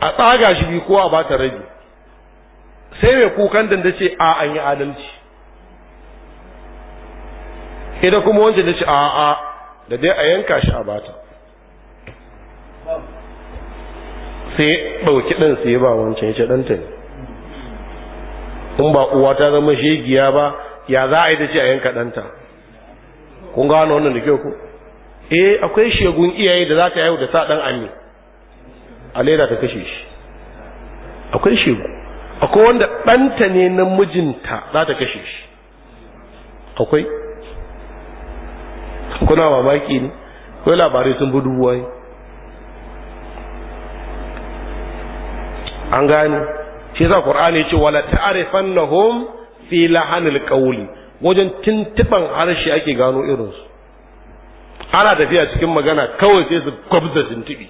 Speaker 1: a tsaga shi biyu kowa ba ta rabi sai mai kukan da ce a an yi adalci ita kuma wancan da ce a a da dai a yanka shi a bata sai ɗauki ɗan sai ba wancan ya ce ɗanta ne in ba uwa ta zama shegiya ba ya za a yi da ce a yanka ɗanta kun gano wannan da kyau ku eh akwai shegun iyaye da za ta yau da sa ɗan ami a leda ta kashe shi akwai shegu akwai wanda ɗanta ne na mijinta za ta kashe shi akwai kuna mamaki ne akwai labarai sun bi dubuwa an gane shi yasa qur'ani yace wala ta'rifannahum fi lahanil qawli wajen tintiban harshe ake gano irin su ana tafiya cikin magana kawai sai su kwabza tintibi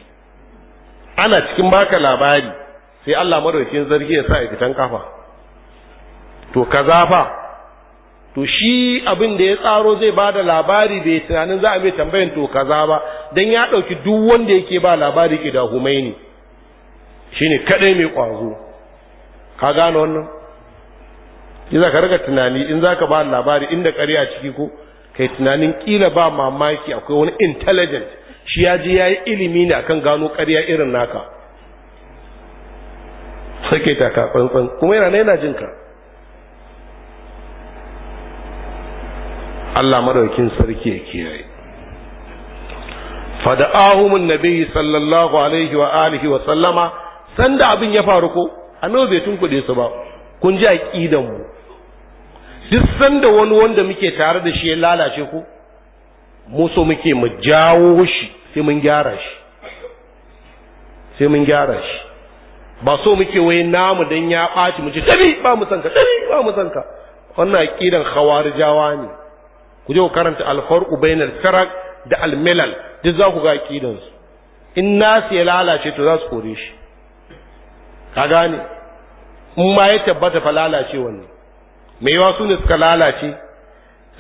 Speaker 1: ana cikin baka labari sai Allah madaukakin zargi ya sa ya fitan kafa to kaza fa to shi abin da ya tsaro zai ba da labari bai tunanin za a mai tambayan to kaza ba dan ya ɗauki duk wanda yake ba labari ke da humaini shine kaɗai mai kwazo ka gane wannan ki za ka riga tunani in za ka ba labari inda ƙarya ciki ko kai tunanin kila ba mamaki akwai wani intelligent shi ya ji ya yi ilimi ne akan gano ƙarya irin naka sake ta ka tsantsan kuma yana na yana jin ka Allah madaukin sarki ya kiyaye fada'ahumun nabiyyi sallallahu alaihi wa alihi wa sallama sanda abin ya faru ko annabi bai tunkuɗe su ba kun ji aqidan mu duk sanda wani wanda muke tare da shi ya lalace ko mu so muke mu jawo shi sai mun gyara shi sai mun gyara shi ba so muke wai namu dan ya ɓaci mu ce tabi ba mu sanka tabi ba mu sanka wannan aqidan khawarijawa ne ku je ku karanta al farq bainal farq da al-milal duk za ku ga aqidan su in nasu ya lalace to za su kore shi ka gane in ma ya tabbata fa lalace wanne mai yawa su suka lalace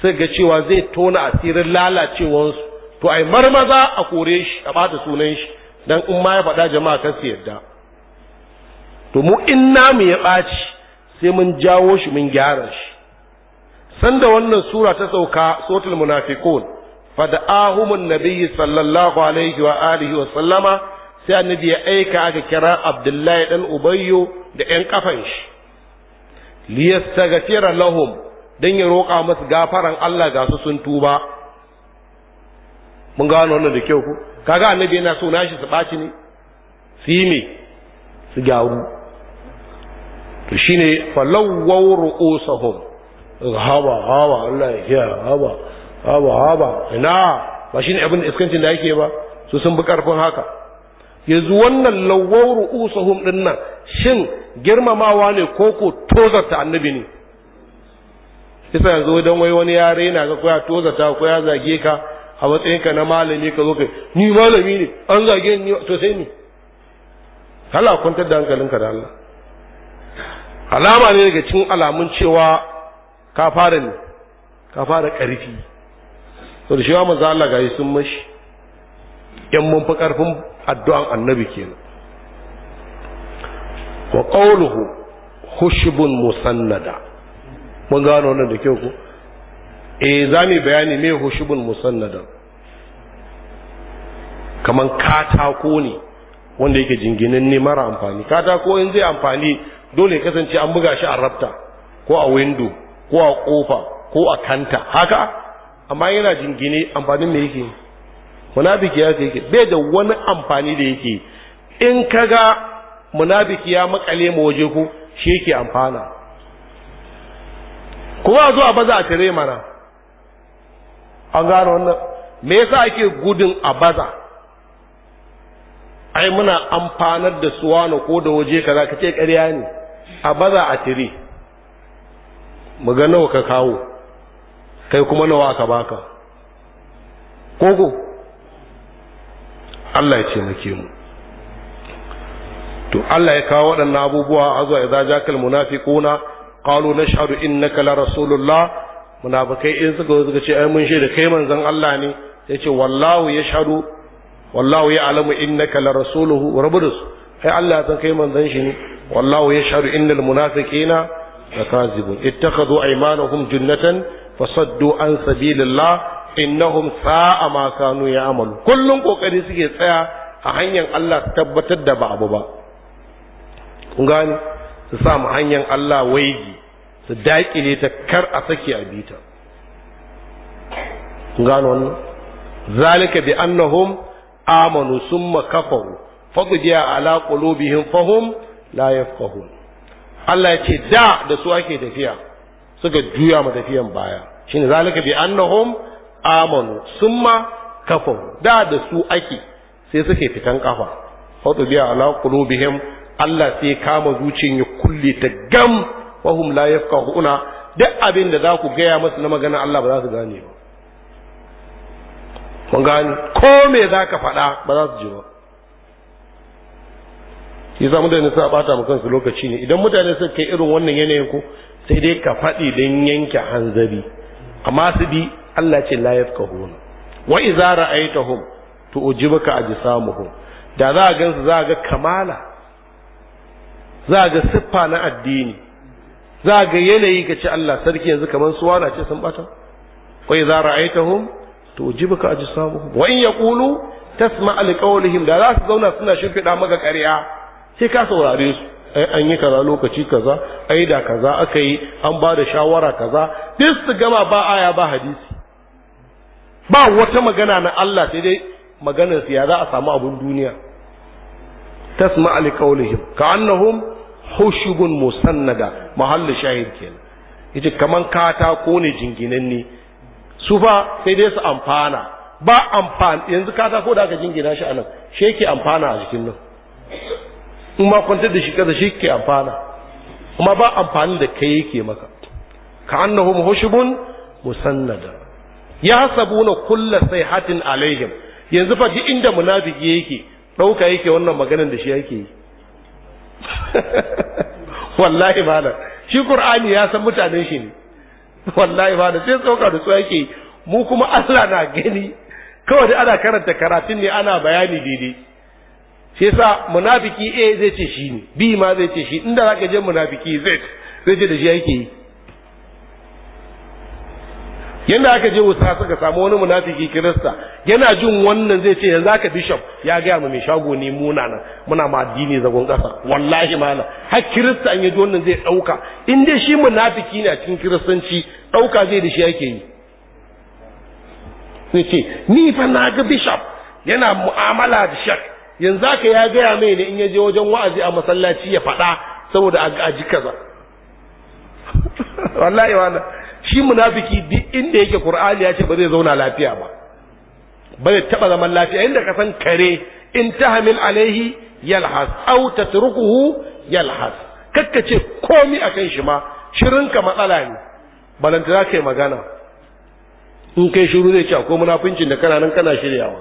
Speaker 1: sai ga cewa zai tona asirin lalacewansu to ai marmaza a kore shi a bata sunan shi dan in ma ya faɗa jama'a kan su yadda to mu in namu ya ɓaci sai mun jawo shi mun gyara shi sanda wannan sura ta sauka sotul munafiqun fada'ahum an-nabiy sallallahu alaihi wa alihi wa sallama sai annabi ya aika aka kira abdullahi dan ubayyo da yan kafan shi liyastaghfira lahum dan ya roƙa musu gafaran Allah ga su sun tuba mun gano wannan da kyau ko kaga annabi yana so nashi su baci ne su yi me su gyaru to shine falawwaw ru'usahum hawa hawa Allah ya kiya hawa hawa hawa ina ba shine abin iskancin da yake ba su sun bi karfin haka yanzu wannan lawwar ru'usuhum din nan shin girmamawa ne ko ko tozarta annabi ne kisa yanzu dan wai wani ya raina ga ko ya tozarta ko ya zage ka a matsayin ka na malami ka zo kai ni malami ne an zage ni to sai ni kala kwantar da hankalinka da Allah alama ne daga cikin alamun cewa ka fara ne ka fara karfi, to da shi wa manzo Allah ga sun mashi yan mun fi ƙarfin addu'an annabi kenan wa qawluhu hushbun musannada mun gano wannan da kyau ko eh mu bayani me hushbun musannada kaman katako ne wanda yake jinginin ne mara amfani katako in zai amfani dole kasance an buga shi a rafta ko a window ko a kofa ko a kanta haka amma yana jingine amfanin me yake munafiki ya kai bai da wani amfani da yake in kaga munafiki ya makale mu waje ku shi yake amfana kuma zuwa baza a tare mana an gano wannan me yasa ake gudun a baza ai muna amfanar da suwana ko da waje kaza ka ce ƙarya ne a baza a tare mu ga nawa ka kawo kai kuma nawa ka baka koko Allah ya taimake mu to Allah ya kawo waɗannan abubuwa a azwa idza jakal munafiquna qalu nashhadu innaka la rasulullah munafikai in suka suka ce ai mun shaida kai manzon Allah ne yace wallahu yashhadu wallahu ya'lamu innaka la rasuluhu rabu da su ai Allah ya san kai manzon shi ne wallahu yashhadu innal munafiqina lakazibun ittakhadhu aymanahum junnatan fasaddu an sabilillah innahum sa'a ma kanu ya amalu kullum kokari suke tsaya a hanyar Allah su tabbatar da ba abu ba kun gani su sa mu hanyar Allah waiji su dakile ta kar a sake a bita kun gani wannan zalika bi annahum amanu summa kafaru faqdiya ala qulubihim fahum la yafqahun Allah ya ce da da su ake tafiya suka juya ma tafiyan baya shine zalika bi annahum amanu summa kafaru da da su ake sai suke fitan kafa fatu biya ala qulubihim Allah sai kama zuciyar ya kulle ta gam wa hum la yafqahuna duk abin da za ku gaya masu na magana Allah ba za su gane ba kun gane ko me za ka faɗa ba za su ji ba shi za mutane suna bata mu kansu lokaci ne idan mutane suka kai irin wannan yanayin ko sai dai ka faɗi don yanke hanzari amma su bi Allah ce la yafqahun wa idza ra'aytahum tu'jibuka ajsamuhum da za a gansu za a ga kamala za a ga siffa na addini za a ga yanayi ka ce Allah sarki yanzu kamar su wana ce sun bata wa idza ra'aytahum tu'jibuka ajsamuhum wa in yaqulu tasma alqawlihim da za su zauna suna shimfida maka ƙarya sai ka saurare su an yi kaza lokaci kaza aida da kaza aka yi an ba da shawara kaza duk su gama ba aya ba hadisi ba wata magana na Allah sai dai maganar su ya za a samu abun duniya tasma li qawlihim ka annahum hushubun musannada mahallu shahid kenan yace kaman katako ne jinginanne su fa sai dai su amfana ba amfani yanzu katako da aka jingina shi anan shi yake amfana a jikin nan in ma kwantar da shi kaza shi yake amfana kuma ba amfani da kai yake maka ka annahum hushubun musannada Ya kulla kullu sayhatin alaihim yanzu fa duk inda munafiki yake dauka yake wannan maganar da shi yake yi wallahi malam shi qur'ani ya san mutanen shi ne wallahi malam sai tsoka da tsoya yake mu kuma Allah na gani kawai ana karanta karatun ne ana bayani daidai shi yasa munafiki A zai ce shi ne B ma zai ce shi inda zaka je munafiki Z zai ce da shi yake yi yanda aka je wuta suka samu wani munafiki kirista yana jin wannan zai ce yanzu aka bishop ya gaya mu mai shago ne muna nan muna ma addini zagon kasa wallahi mana har kirista an yaji wannan zai dauka in dai shi munafiki ne a cikin kiristanci dauka zai da shi yake yi sai ce ni fa na ga bishop yana mu'amala da shak yanzu aka ya gaya mai ne in ya je wajen wa'azi a masallaci ya faɗa saboda a ji kaza wallahi wannan shi munafiki duk inda yake qur'ani ya ce ba zai zauna lafiya ba ba zai taba zaman lafiya inda ka san kare in tahmil alaihi yalhas aw tatrukuhu yalhas kakka ce komi akan shi ma shirinka matsala ne balanta za ka yi magana in kai shiru zai ce ko munafincin da kana nan kana shiryawa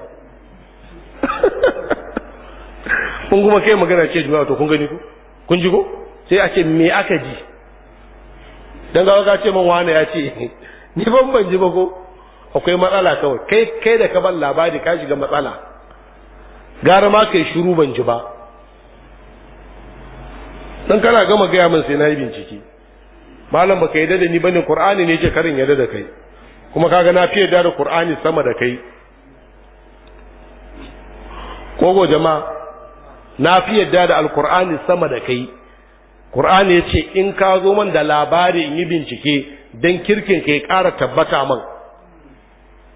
Speaker 1: kun kuma kai magana ce juma'a to kun gani ku kun ji ko sai a ce me aka ji dan ga ka ce man wani ya ce ni ban ban ji ba ko akwai matsala kawai kai kai da ka ban labari ka shiga matsala gara ma kai shiru ban ji ba dan kana gama gaya min sai na yi bincike malam baka yarda da ni bane qur'ani ne ce karin yadda da kai kuma kaga na fiye da qur'ani sama da kai kogo jama'a na fi yadda da alkur'ani sama da kai Qur'ani ya ce in ka zo man da labari in yi bincike don kirkin ka ya ƙara tabbata man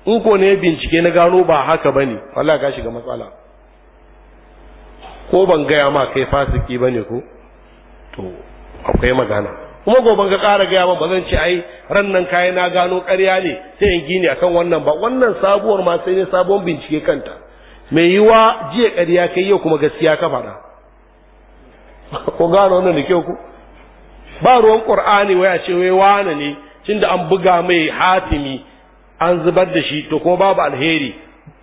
Speaker 1: in ko ne bincike na gano ba haka bane Allah ka shiga matsala ko ban gaya ma kai fasiki bane ko to akwai magana kuma ban ka ƙara gaya ba zan ce ai ran nan kayan na gano ƙarya ne sai in gini akan wannan ba wannan sabuwar ma sai ne sabon bincike kanta mai yiwa jiya ƙarya kai yau kuma gaskiya ka faɗa ko gano wannan da kyau ku ba ruwan qur'ani waya ce wai wani ne tunda an buga mai hatimi an zubar da shi to kuma babu alheri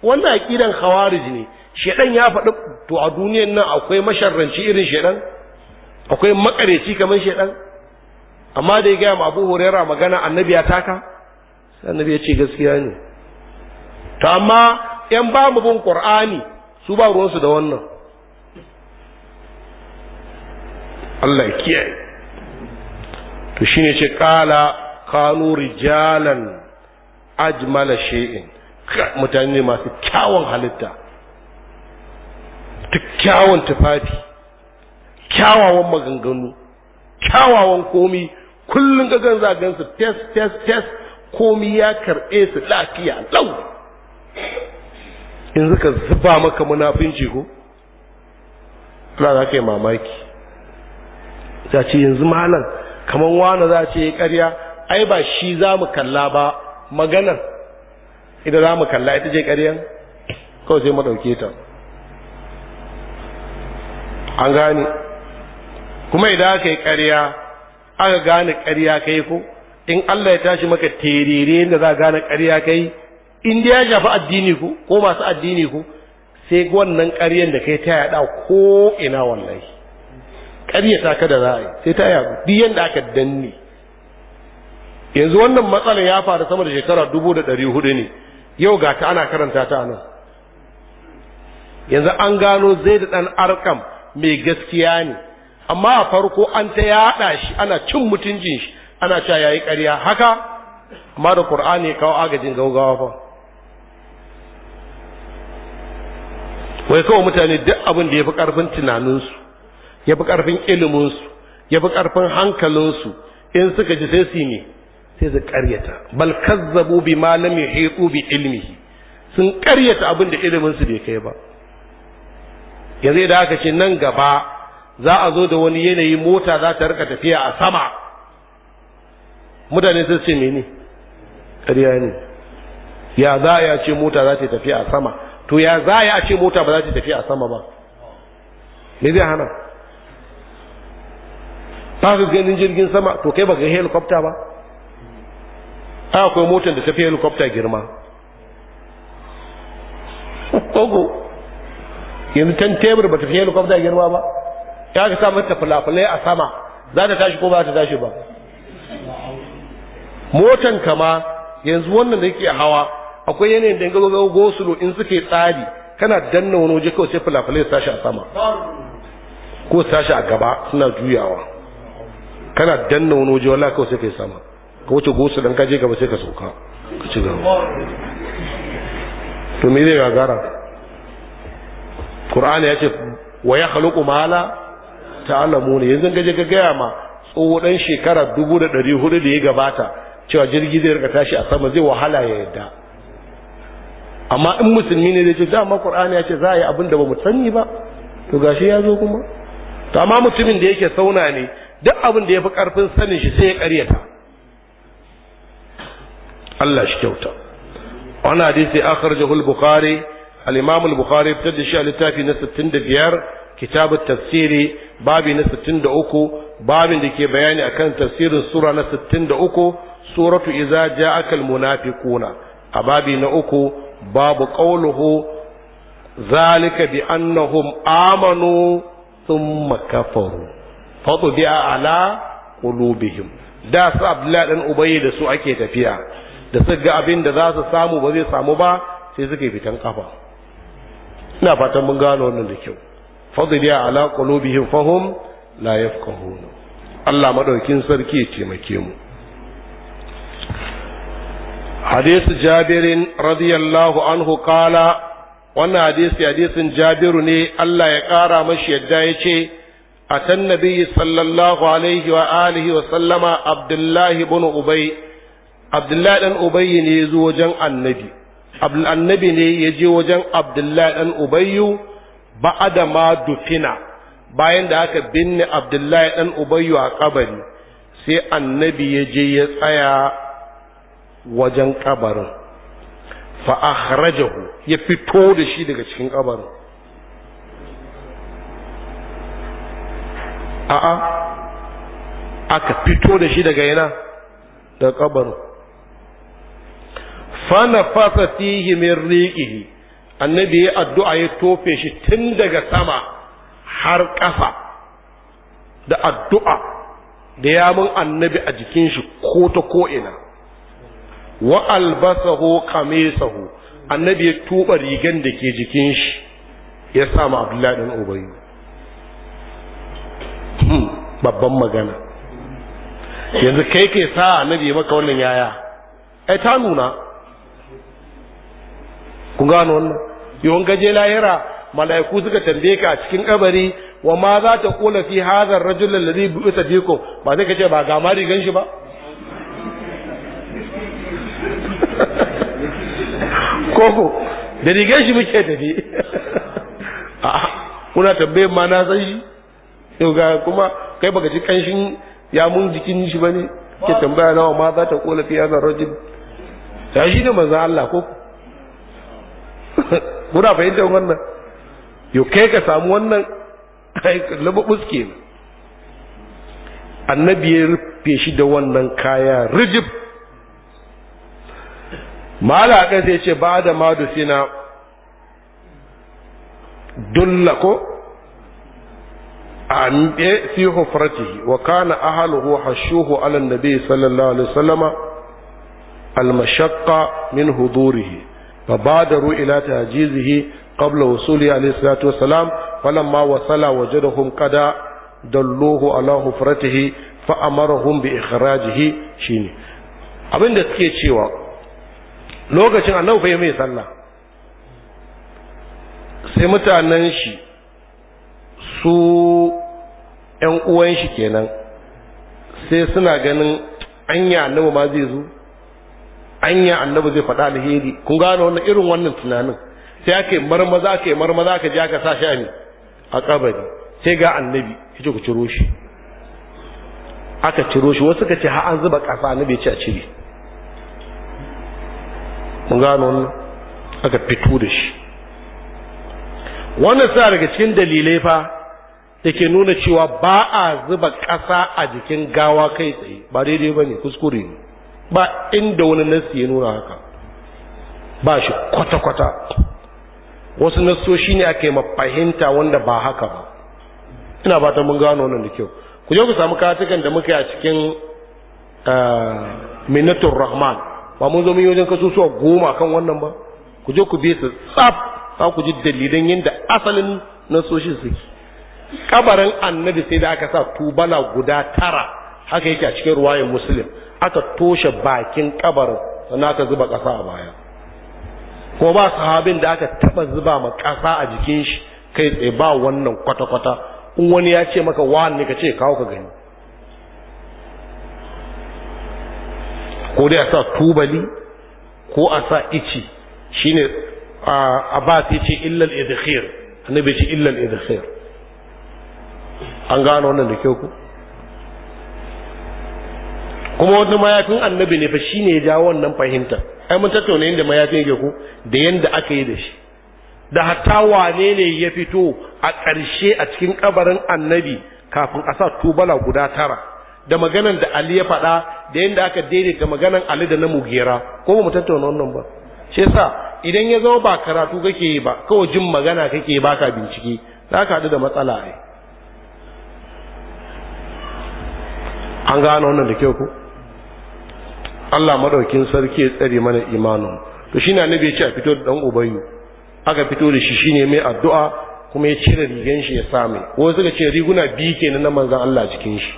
Speaker 1: wannan aqidan khawarij ne shedan ya faɗi to a duniyar nan akwai masharranci irin shedan akwai makareci kamar shedan amma da ya gaya ma abu huraira magana annabi ya taka annabi ya ce gaskiya ne to amma yan ba mu bin qur'ani su ba ruwansu da wannan Allah kiyaye to shine ce kala kanu rijalan ajmala shay'in mutane masu kyawun halitta ta kyawun tufafi kyawawan maganganu kyawawan komi kullum ga ganza gansu test test test komi ya karɓe su lafiya lau in suka zuba maka munafinci ko za ka yi mamaki za ce yanzu malam kamar wane za ce ya karya ai ba shi za mu kalla ba maganar idan za mu kalla ita ce karyan kawai sai mu ɗauke ta an gane kuma idan aka yi karya aka gane karya kai ko in Allah ya tashi maka terere da za gane karya kai in dai ya shafi addini ku ko masu addini ku sai wannan karyar da kai ta yaɗa ko ina wallahi ƙaryata ka da za yi sai ta yaɗu duk yadda aka danne yanzu wannan matsalar ya faru sama da shekara dubu da ɗari hudu ne yau ga ta ana karanta ta nan yanzu an gano zai da ɗan arkam mai gaskiya ne amma a farko an ta yaɗa shi ana cin mutuncin shi ana cewa yayi ƙarya haka amma da ya kawo agajin gaugawa fa wai kawai mutane duk abin da ya fi ƙarfin tunaninsu ya fi ƙarfin iliminsu ya fi ƙarfin hankalinsu in suka ji sai su ne sai su ƙaryata bal kazzabu bi malam lam yuhitu bi ilmihi sun ƙaryata abin da iliminsu bai kai ba yanzu da aka ce nan gaba za a zo da wani yanayi mota za ta rika tafiya a sama mutane sun ce mene ƙarya ne ya za a ce mota za ta tafiya a sama to ya za a ce mota ba za ta tafiya a sama ba me zai hana ka ganin jirgin sama to kai baka ga helicopter ba akwai motar da ta fi helicopter girma ƙogo yanzu can tebur ba ta fi helicopter girma ba ya ka sa mata fulafulai a sama za ta tashi ko ba ta tashi ba motan kama yanzu wannan da yake hawa akwai yanayin da ga gosulo in suke tsari kana danna wani waje kawai sai fulafulai ta tashi a sama ko ta tashi a gaba suna juyawa kana danna wani waje wala kawai sai kai sama ka wuce gosu dan kaje gaba sai ka sauka ka ci gaba to me zai gagara qur'ani ya ce wa ya khaluqu ma la ne yanzu kaje ka gaya ma tsoho dan shekara 1400 da ya gabata cewa jirgi zai rika tashi a sama zai wahala ya yadda amma in musulmi ne zai ce dama qur'ani ya ce za a yi abin da mu sani ba to gashi ya zo kuma to amma mutumin da yake sauna ne duk abin da ya fi ƙarfin sanin shi sai ya ƙaryata Allah shi kyauta wani hadisi Akhar al-bukhari al-imam al-bukhari fitar da shi a littafi na 65 kitab at-tafsiri babi na 63 babin da ke bayani akan tafsirin sura na 63 suratu iza ja'aka al-munafiquna a babi na uku babu qawluhu zalika bi annahum amanu sun kafaru fadu biya ala qulubihim da su abdullahi dan ubayy da su ake tafiya da su ga abin da za su samu ba zai samu ba sai suka fitan kafa ina fatan mun gano wannan da kyau fadu biya ala qulubihim fahum la yafqahun Allah madaukin sarki ya taimake mu hadith jabir radiyallahu anhu عنه wannan hadisi hadisin jabiru ne Allah ya ƙara mashi yadda ya ce أتى النبي صلى الله عليه وآله وسلم عبد الله بن أبي عبد الله بن أبي يزو وجن النبي عبد النبي يجي وجن عبد الله بن أبي بعد ما دفن bayan da aka binne Abdullahi dan Ubayyu a kabari sai annabi ya je ya tsaya wajen kabarin fa akhrajahu ya fito da shi daga cikin kabarin a'a aka fito da shi daga yana da kabarin fana fasa fihi min riqihi annabi ya addu'a ya tofe shi tun daga sama har ƙasa da addu'a da ya mun annabi a jikin shi ko ta ko'ina wa albasahu qamisahu annabi ya tuba rigan da ke jikin shi ya sa ma abdullahi dan ubayi babban magana yanzu kai ke sa annabi maka wannan yaya ai ta nuna ku gano wannan yawan gaje lahira mala'iku suka tambaye ka a cikin kabari wa ma za ta kula fi hadar rajul alladhi bu'ita ko ba zai kace ba ga rigan shi ba koko da rigan shi muke tafi a kuna tambayin ma na san shi yau ga kuma kai baka ji kanshin ya mun jikin shi bane ke tambaya nawa ma za ta kola fi hadha rajul ta shi da manzon Allah ko muna fahimtar wannan yo kai ka samu wannan lababus ke annabi ya rufe shi da wannan kaya rijib mala kan sai ce ba da madusina dulla ko an fi hufratihi wa kana ahluhu hashuhu ala nabi sallallahu alaihi wasallama المشقة من حضوره فبادروا إلى تعجيزه قبل وصوله عليه الصلاة والسلام فلما وصل وجدهم قد دلوه على حفرته فأمرهم بإخراجه شيني abin da suke cewa lokacin annabi fa mai sallah sai mutanen shi su ‘yan uwan shi kenan sai suna ganin anya annabi ma zai zo anya annabi zai faɗa alheri kun gano wannan irin wannan tunanin sai aka yi marmaza aka yi marmaza aka je aka sa shi a a kabari sai ga annabi yace ku ciro shi aka ciro shi wasu ka ce har an zuba kasa annabi ya ce a cire Kun gano wannan aka fito da shi wannan sa daga cikin dalilai fa da ke nuna cewa ba a zuba ƙasa a jikin gawa kai tsaye ba daidai ba ne kuskure ne ba inda wani nassi ya nuna haka ba shi kwata-kwata wasu nassoshi ne ake mafahimta wanda ba haka ba ina ba ta mun gano wannan da kyau ku je ku samu katukan da muka yi a cikin eh, minnatul rahman ba mun zo mun yi wajen kasusuwa goma kan wannan ba ku je ku bi su tsaf za ku ji dalilan yadda asalin nassoshi suke kabarin annabi sai da aka sa tubala guda tara haka yake a cikin ruwayin muslim aka toshe bakin kabarin sannan aka zuba ƙasa a baya ko ba sahabin da aka taba zuba ma ƙasa a jikin shi kai tsaye ba wannan kwata-kwata in wani ya ce maka wa wani ka ce kawo ka gani ko dai a sa tubali ko a sa ici shine a ba ce illal idkhir annabi ce illal idkhir an gano wannan da kyau ku kuma wani mayafin annabi ne fa shine ya jawo wannan fahimta ai mun tattauna yadda mayafin yake ku da yadda aka yi da shi da hatta wane ne ya fito a ƙarshe a cikin kabarin annabi kafin a sa tubala guda tara da maganan da Ali ya faɗa da yadda aka daidaita maganan Ali da na mugera ko mu tattauna wannan ba shi yasa idan ya zama ba karatu kake yi ba kawai jin magana kake ba ka bincike za ka haɗu da matsala ai an gano wannan da kyau ku Allah madaukin sarki ya tsare mana imanin to shine annabi ya ce a fito da dan ubayyu aka fito da shi shine mai addu'a kuma ya cire rigan shi ya same wasu suka ce riguna biyu kenan na manzon Allah cikin shi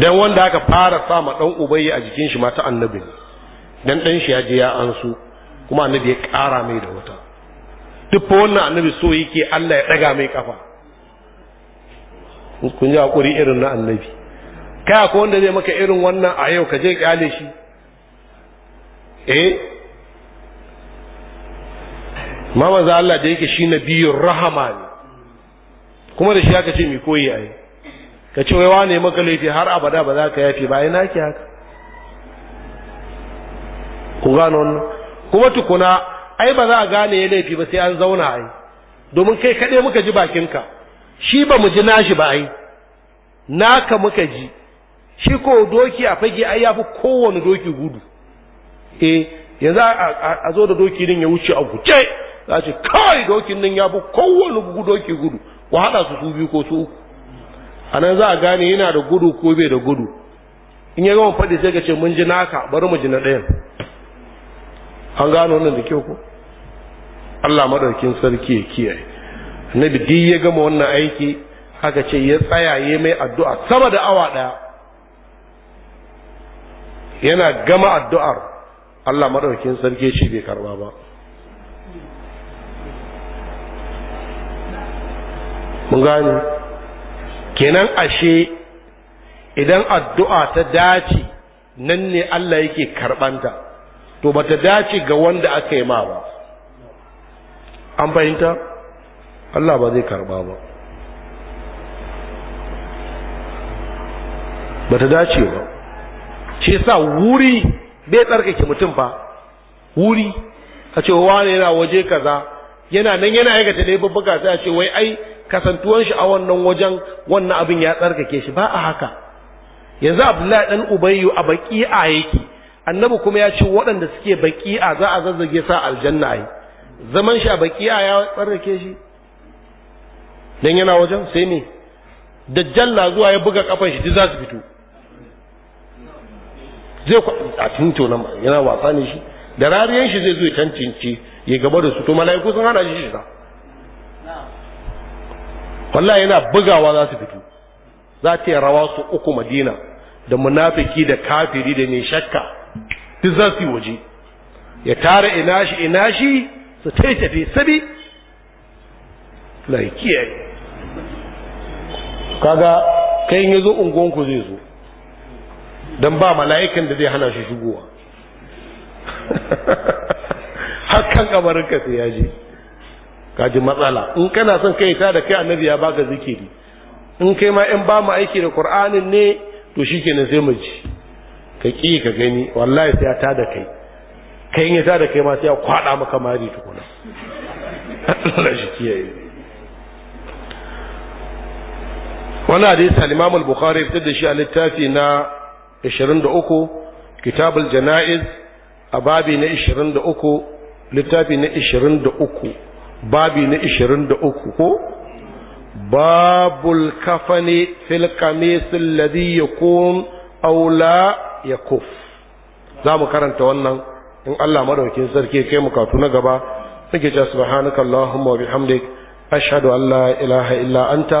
Speaker 1: dan wanda aka fara sama dan ubayyu a jikin shi mata annabi dan dan shi ya je ya ansu kuma annabi ya kara mai da wata duk wannan annabi so yake Allah ya daga mai kafa kun ji hakuri irin na annabi kai ko wanda zai maka irin wannan a yau ka je kyale shi eh ma manzo Allah da yake shi nabiyur rahama ne kuma da shi aka ce mi koyi ai ka ce wai wane maka laifi har abada ba za ka yafe ba ai naki haka ku gano wannan kuma tukuna ai ba za a gane ya laifi ba sai an zauna ai domin kai kaɗai muka ji bakinka shi ba mu ji nashi ba ai naka muka ji shi ko doki a fage ai yafi kowane doki gudu eh yanzu a zo da doki din ya wuce a guje za ce kai dokin nan yafi kowane doki gudu ku haɗa su su biyu ko su uku a nan za a gane yana da gudu ko bai da gudu in ya gama faɗi sai ka ce mun ji naka bari mu ji na ɗayan an gano wannan da kyau ko Allah madaukin sarki ya kiyaye na duk ya gama wannan aiki aka ce ya tsayaye mai addu'a sama da awa ɗaya yana gama addu'ar Allah maɗaukin sarki shi bai karba ba mun gani kenan ashe idan addu'a ta dace nan ne Allah yake karɓanta to ba ta dace ga wanda aka yi ma ba an fahimta Allah ba zai karba ba ba ta dace ba ce sa wuri bai tsarkake mutum ba wuri a ce wane yana waje kaza yana nan yana aikata da buga sai a ce wai ai kasantuwan shi a wannan wajen wannan abin ya tsarkake shi ba a haka yanzu abdullahi dan ubayyu a a yake annabi kuma ya ce waɗanda suke a za a zazzage sa aljanna ai zaman shi a baki'a ya tsarkake shi dan yana wajen sai ne dajjal na zuwa ya buga kafan shi za su fito zai a tinto na yana wasa ne shi da rariyan shi zai zo ya tantance ya gaba da su to mala'iku sun hana shi shi shiga wallahi yana bugawa za su fito za ta yi rawa su uku madina da munafiki da kafiri da mai shakka duk za su waje ya tara ina shi ina shi su fi sabi lai kiyaye kaga kai in yazo ungon ku zai zo dan ba mala'ikan da zai hana shi shigowa hakan kabarin ka sai ya kaji matsala in kana son kai ta da kai annabi ya baka zikiri in kai ma in ba mu aiki da qur'anin ne to shikenan sai mu ji ka ki ka gani wallahi sai ta da kai kai in ya ta da kai ma sai ya kwada maka mari tukuna Allah shi kiyaye wani hadisi al-imam al-bukhari fitar da shi a littafi na 23 kitab al-janaiz a babi na 23 littafi na 23 babi na 23 ko babul kafani fil qamis alladhi yakun aw la yakuf za mu karanta wannan in Allah madaukakin sarki kai mu katu na gaba nake cewa subhanakallahumma wa bihamdik ashhadu an la ilaha illa anta